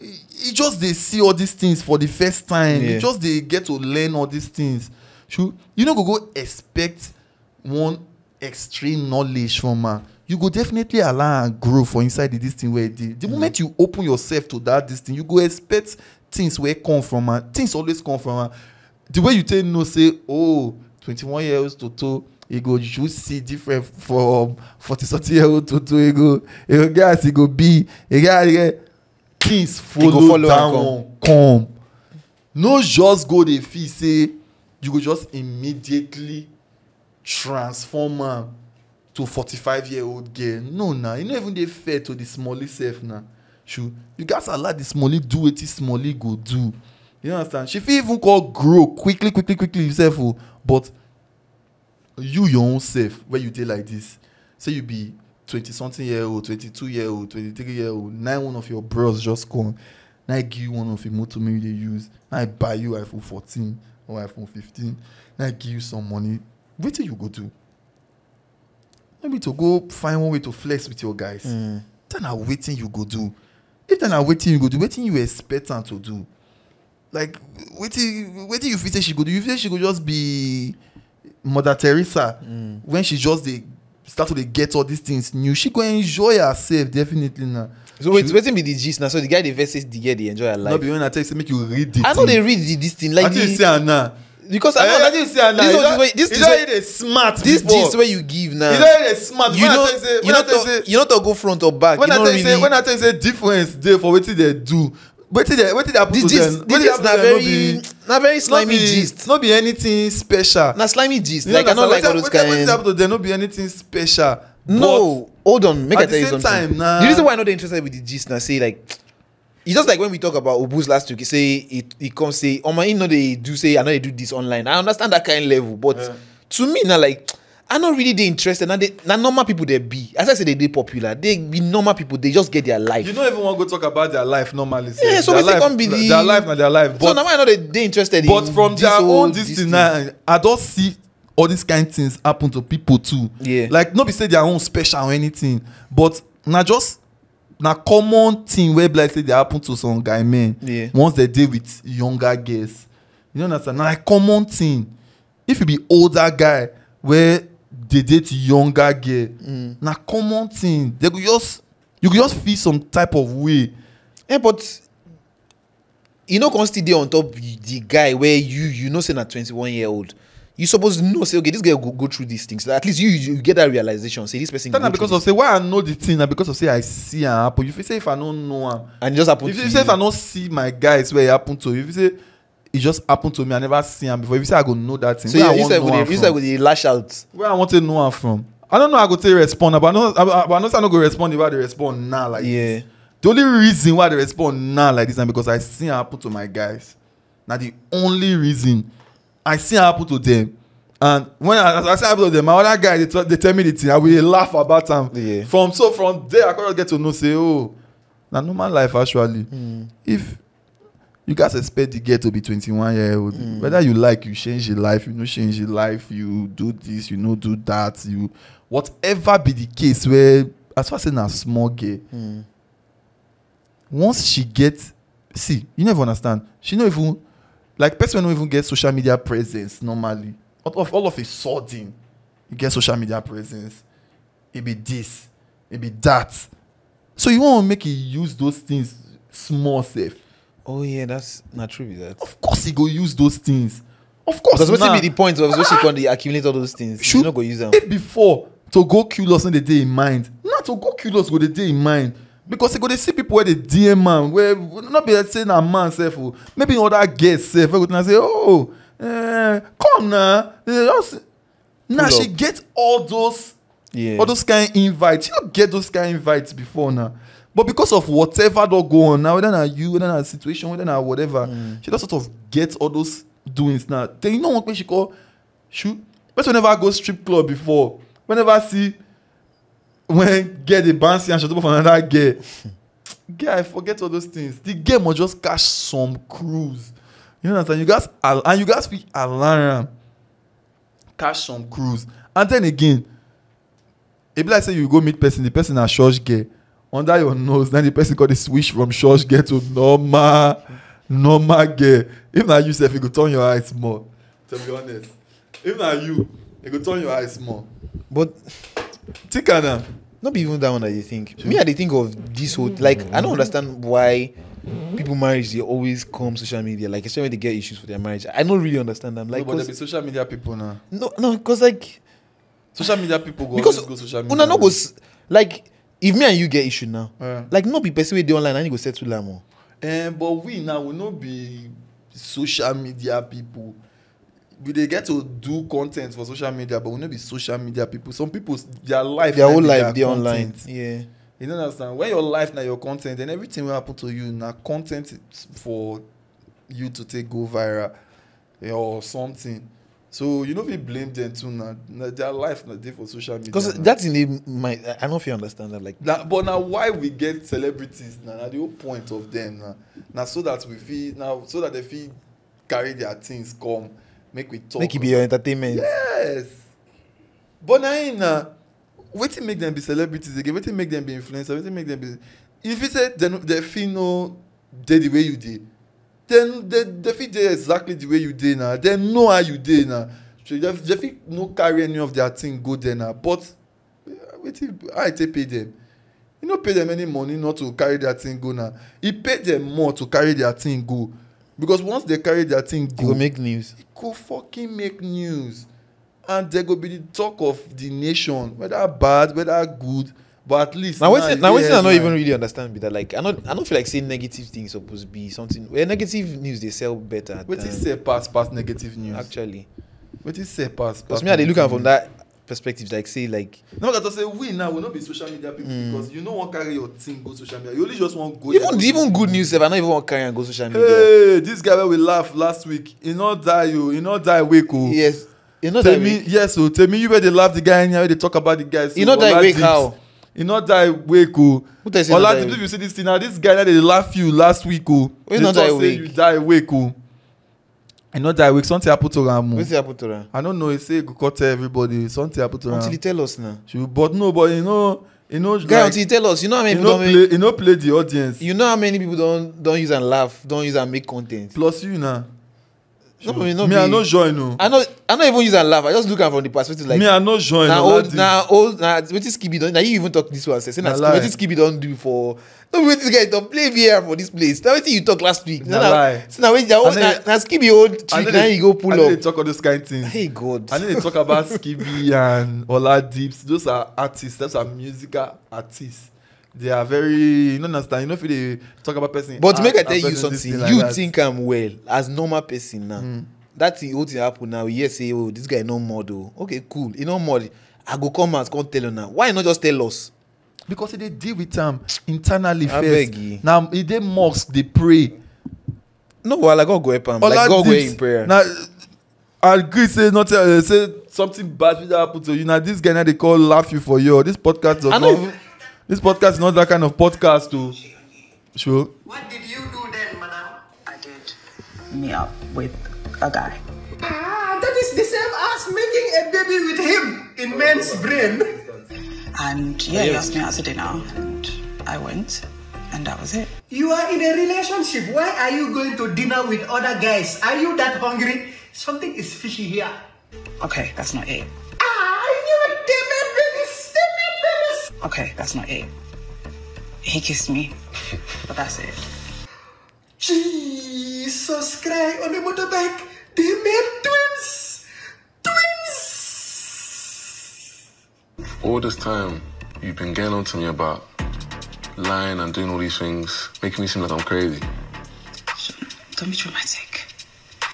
e, e just dey see all these things for the first time e yeah. just dey get to learn all these things You you no go go expect one extreme knowledge from am you go definitely allow am grow for inside the dis thing wey dey the moment you open yourself to that dis thing you go expect things wey come from am things always come from am the way you take know say oh twenty-one years toto e go just see different from forty something years old toto e go e go get as e go be e get get things follow down one come no just go dey feel say you go just immediately Transformer to forty-five year old girl no na e no even dey fair to the smallie sef na true you gats allow the smallie do wetin smallie go do you understand she fit even call grow quickly quickly quickly sef o oh, but you your own sef when you dey like this say you be twenty something year old twenty-two year old twenty-three year old nine one of your bros just come na i give you one of the motor wey you dey use na i buy you iphone fourteen or iphone fifteen na i give you some money wetin you go do no be to go find one way to flex with your guys mm. that na wetin you go do if that na wetin you go do wetin you expect am to do like wetin wetin you feel say she go do you feel say she go just be mother teresa mm. when she just dey start to dey get all these things new she go enjoy herself definitely na. so wait wetin be the gist na so the guy dey vex say the girl dey enjoy her life. no be when i tell you say make you read the I thing. i no dey read the, this thing like I the. i tell you say am na because eh, i know that you say now this one wey this gist wey smart this gist wey you give now you know smart you know you know to you know to go front or back you no really when i tell you say difference dey for wetin dey do wetin dey wetin dey happen to them this gist na very na very slimy gist no be anything special na slimy gist like i no like all those kind wetin dey happen to them no be anything special no hold on make i tell you something the the reason why i no dey interested with the gist na say like it's just like when we talk about Obus last week, He say he he comes say, Oh my, you know they do say I know they do this online. I understand that kind of level, but yeah. to me now like I not really they interested. Now they now normal people they be. As I say they they popular. They be normal people. They just get their life. You know, everyone go talk about their life normally. Say. Yeah, so their life, can't be the, their life, not their life. But, so now I know they they interested. But from their own this, thing, thing. I don't see all these kind of things happen to people too. Yeah, like not be say their own special or anything, but now just na common thing wey be like say dey happen to some guy men yeah. once dem dey with younger girls you know understand na like common thing if you be older guy wey dey date younger girl mm. na common thing they go just you go just feel some type of way. Yeah, but e no come still dey on top the guy wey you you know say na twenty-one year old you suppose know say okay this guy go go through these things so at least you, you get that realization say this person go because of say why i know the thing na because of say i see am happen you fit say if i no know am and it just happen if to you say if i no see my guys wey e happen to if you say e just happen to me i never see am before if you say i go know that thing so where yeah, i wan know am from you say i go dey lash out where i wan take know am from i don't know i go take respond but i know but i know say i no go respond if i dey respond now like yeah. this the only reason why i dey respond now like this na because i see am happen to my guys na the only reason I see happen to them. And when I, as I see happen to them, my other guy, they, they tell me the thing. I will laugh about them. Yeah. From so from there, I could get to know, say, oh, na normal life actually. Mm. If you guys expect the girl to be twenty-one year old, mm. whether you like, you change your life, you know, change your life, you do this, you know, do that, you whatever be the case where as far as saying a small girl, mm. once she gets see, you never understand. She not even Like person don't even get social media presence normally. Out of all of a sudden, you get social media presence. It be this, it be that. So you want to make it use those things small safe. Oh yeah, that's not true. that of course he go use those things. Of course, that's supposed to be the point. of are supposed to accumulate all those things. Should you not go use them? If before to go kill us on the day in mind, not to go kill us with the day in mind. because you go dey see people wey dey dm man wey no be say na man sef o maybe other girls sef wey go tell am say oh eh, come na just na she get all those yeah. all those kind invite she no get those kind invite before na but because of whatever don go on now whether na you whether na situation whether na whatever mm. she just sort of get all those doings now then you know one thing she call shoot person wey never go strip club before whenever see when get dey bouncy and shot up for another girl girl i forget all those things the girl must just catch some cruise you know understand you gats and you gats fit allow am catch some cruise and then again e be like say you go meet person the person na church girl under your nose then the person come the switch from church girl to normal normal girl if na you sef you e go turn your eye small to be honest if na you you e go turn your eye small. but Take her Not be even that one that you think. Me, I they think of this whole like I don't understand why people marriage they always come social media like especially when they get issues for their marriage. I don't really understand them. Like, no, but there be social media people now. No, no, because like social media people go because go social media. Una go like if me and you get issue now, yeah. like not be person with the online, I need to settle them more. Eh, um, but we now will not be social media people we they get to do content for social media but we no be social media people some people their life their whole life they're online yeah you don't understand when your life now your content then everything will happen to you now. content for you to take go viral or something so you know we blame them too Now their life not there for social media because that's the, my i know if you understand that like but now why we get celebrities Now the whole point of them now so that we feel now so that they feel carry their things come make we talk make e be your entertainment yes but na him na wetin make dem be celebrities again wetin make dem be influencers wetin make dem be you fit say dem fit no dey the way you dey dem dem fit dey exactly the way you dey na dem know how you dey na so dem fit no carry any of their thing go there na but wetin how i take pay dem You no pay dem any money not to carry their thing go na e pay dem more to carry their thing go because once they carry their thing go, go make news e go fucking make news and they go be the talk of the nation whether bad whether good but at least now wetin now wetin i no even really understand be that like i no i no feel like say negative thing suppose be something well negative news dey sell better wetin sell pass pass negative news actually wetin sell pass pass because me i dey look am from that perspectives like say like no that's say we now will not be social media people mm. because you no wan carry your thing go social media you only just wan go even there. even good news sef i no even wan carry am go social media hey this guy wey we laugh last week he no die o oh, he no die wake o oh. yes he no die wake yes o oh, temi you wey dey laugh the guy anyhow wey dey talk about the guy so he no die wake how he no die wake o ola tips if you see this thing na this guy na dey laugh you last week o dey talk say you die wake o. I know that week something happened to Ram. Wetin happen to Ram? I don't know. He say he go come tell everybody something happened to Ram. Until he tell us now. She, but no, but you know, you know. Guy, like, until he tell us, you know how many people know don't play, make. You know play the audience. You know how many people don't don't use and laugh, don't use and make content. Plus you na. No, me, no me I no join no. I no I no even use and laugh. I just look am from the perspective like. Me I no join. Na old na old na wetin Skibi don na you even talk this one sef say na wetin Skibi don do for no be wetin guy don play vr for this place na wetin you talk last week na lie so na wetin own na na skibi old trick na you go pull up i no dey talk all those kind things hey god i no dey talk about skibi and oladips those are artists those are musical artists they are very you no understand you no fit dey talk about person but make i tell you something you like think am well as normal person now mm. that thing whole thing happen now you hear say oh this guy no mod o oh. okay cool he no mod i go come out come tell una why you no just tell us because they deal with am um, internally first Now e dey mosque dey pray no wahala I go help am like god go in prayer i agree say nothing uh, say something bad will happen to you Now, this guy now they call laugh you for your this podcast not this podcast is not that kind of podcast to oh. sure what did you do then madam i did me up with a guy ah that is the same as making a baby with him in man's brain and yeah, he asked me out to dinner, and I went, and that was it. You are in a relationship. Why are you going to dinner with other guys? Are you that hungry? Something is fishy here. Okay, that's not it. Okay, that's not it. He kissed me, but that's it. Jesus Christ, on the motorbike, damn it. all this time you've been getting on to me about lying and doing all these things, making me seem like I'm crazy. Don't be dramatic.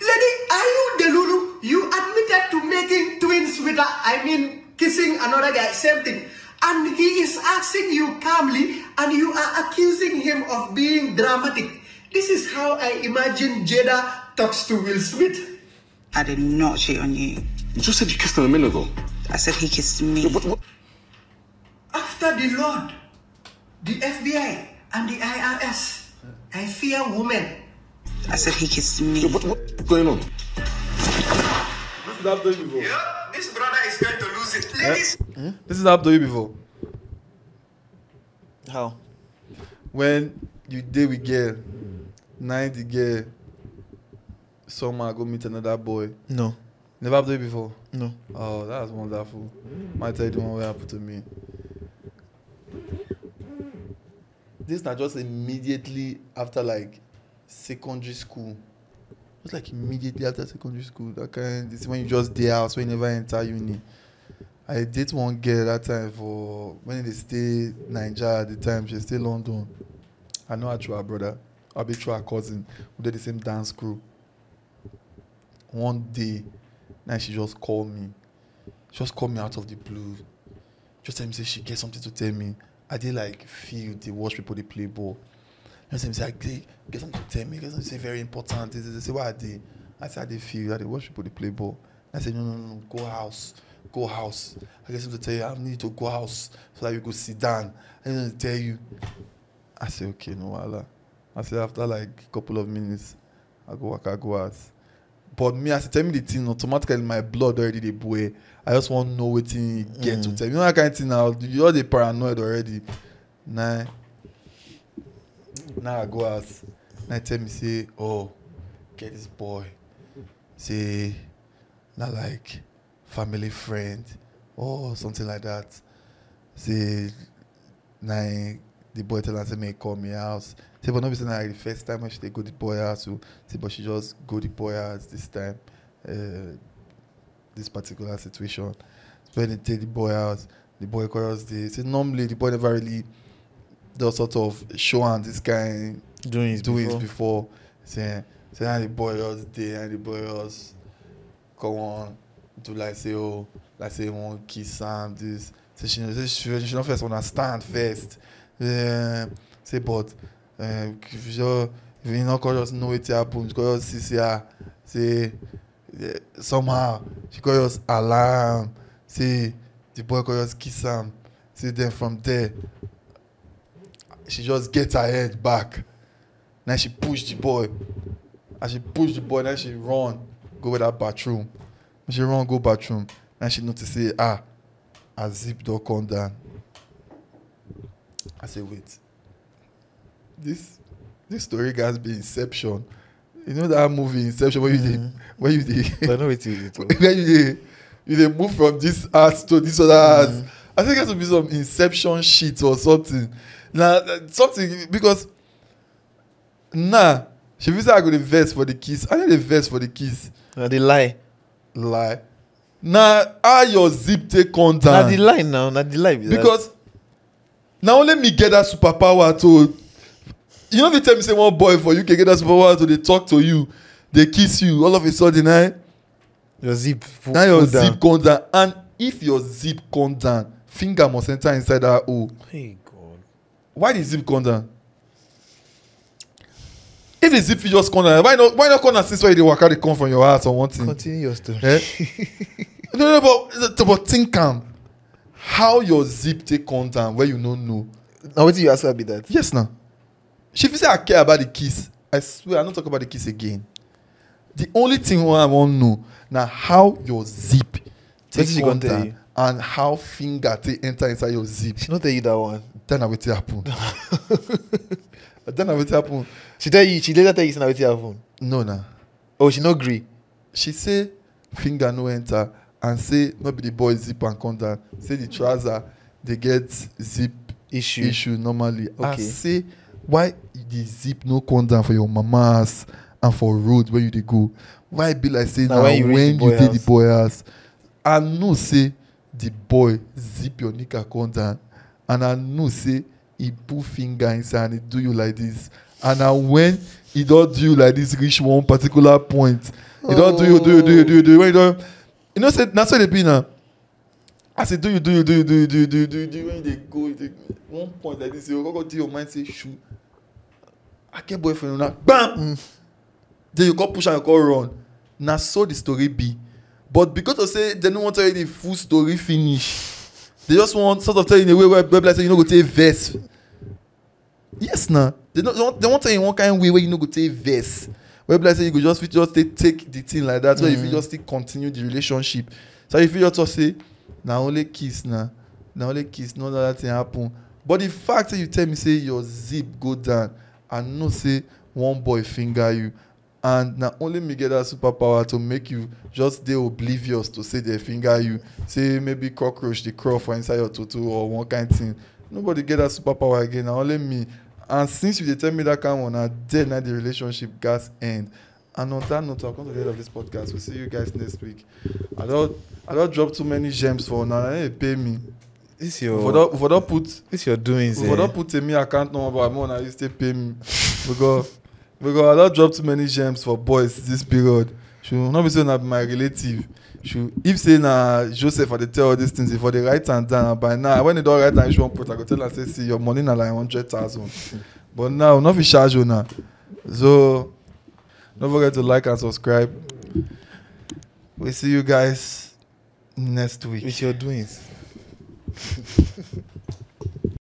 Lady, are you Delulu? You admitted to making twins with that, I mean, kissing another guy, same thing. And he is asking you calmly, and you are accusing him of being dramatic. This is how I imagine Jada talks to Will Smith. I did not cheat on you. You just said you kissed him a minute ago. I said he kissed me after the Lord, the FBI, and the IRS, I fear women. I said he kissed me. What, what's going on? This is happening before. Yeah, this brother is going to lose it. Ladies. Eh? Eh? This is happening before. How? When you date with girl, night the girl, I go meet another boy. No. Never happened before? No. Oh, that's wonderful. Might tell you the one way happened to me. this na just immediately after like secondary school just like immediately after secondary school that kind this when you just dey house when you never enter uni i date one girl that time for when they stay naija at the time she stay london i know her through her brother i be through her cousin we dey the same dance crew one day na she just call me she just call me out of the blue just tell me say she get something to tell me I did like feel the watch people they play ball. And so say, they get something to tell me, get something to say very important. They, they say, what are they? I said, I didn't feel that they watch people they play ball. I said, no, no, no, go house, go house. I get something to tell you, I need to go house so that you could sit down. And then tell you. I said, okay, no, Allah. I said, after like a couple of minutes, I go, I go out. But me, I said, tell me the thing, automatically my blood already they boy. I just want to know wetin you get mm. to tell. You know that kind of thing now, you are the paranoid already. Now, Now I go house, Now tell me say, oh, get this boy. Say not like family friend or something like that. Say now the boy tell am say may call me out. See, Say but no be say like the first time when she go the boy house o. Oh. Say but she just go the boy house this time. Uh, this particular situation. When they take the boy out, the boy calls the say normally the boy never really does sort of show and this guy doing his doing before. before saying say the boy was there and the boy was come on to like say oh like say one kiss Sam this say she know say she, she not first understand first yeah, say but um, if you just if no know, just know wetin happen just see say say somehow she call us alarm say the boy call us kiss am say then from there she just get her head back na she push the boy as she push the boy na she run go that bathroom when she run go bathroom na she notice say ah her zip don come down i say wait this this story gats be inception you know that movie inception where you dey mm-hmm. where you dey where you dey you dey move from this art to this other art mm-hmm. i think it go be some inception shit or something na something because nah she be say i go dey vex for the kiss i no dey vex for the kiss. na the lie. lie na how your zip take come down. na the lie now na the lie be that. because na only me get that superpower to you know if you tell me say one boy for uk get that super power to dey talk to you dey kiss you all of a sudden eh your zip full now your zip come down and if your zip come down finger must enter inside that hole hey god why the zip come down if the zip fit just come down why not why not come down since when you dey waka dey come from your house or one thing continue your story eh no no but but think am how your zip take come down when you no know na wetin you ask me be that yes na. She fit say I care about the kiss. I swear I no talk about the kiss again. The only thing wey I wan know na how your zip take enter and how finger take enter inside your zip. She no tell you that one. Then na wetin happen. Then na wetin happen. She tell you she later tell you say na wetin happen. No na. Oh she no gree. She say finger no enter and say no be the boy zip and come down. Say the trouser dey get zip issue issue normally. Okay. And say why the zip no come down for your mamas and for road where you dey go why be like say na when you dey the boy house i know say the boy zip your nika come down and i know say he put finger inside and he do you like this and na when he don do you like this reach one particular point he don do you do you do you do you do you when he don you know say na so e dey be na as you do you do you do you do you do you do you do you do when you dey go you dey one point like this you go go dey your mind say shu ake boyfriend una gbam mm. then you come push am you come run na so the story be but because of say they no wan tell you the full story finish they just wan sort of tell you in a way wey be like say you no go take vex yes na they no they wan tell you in one kind way wey you no go take vex wey be like say you go just fit just take take the thing like that so mm you fit just still continue the relationship so you fit just talk say. na only kiss na na only kiss no other thing happen but the fact say you tell me say your zip go down i know say one boy finger you and na only me get that superpower to make you just dey oblivious to say dem finger you say maybe cockroach dey crawl for inside your toto or one kind thing nobody get that superpower again na only me and since you dey tell me that kind one na there na the relationship gats end and on that note i come to the end of this podcast we we'll see you guys next week i I don't drop too many gems for now. They pay me. This your for don't, for don't put this your doing. For eh? put in me account number, but more now you still pay me because because I don't drop too many gems for boys this period. Should not be saying that my relative. Should if say na Joseph I dey tell all these things If I they write and down by now when they don write am she wan put I go tell and say see your money na like hundred thousand but now not be charge you now. so don't forget to like and subscribe we see you guys. next week. With your doings.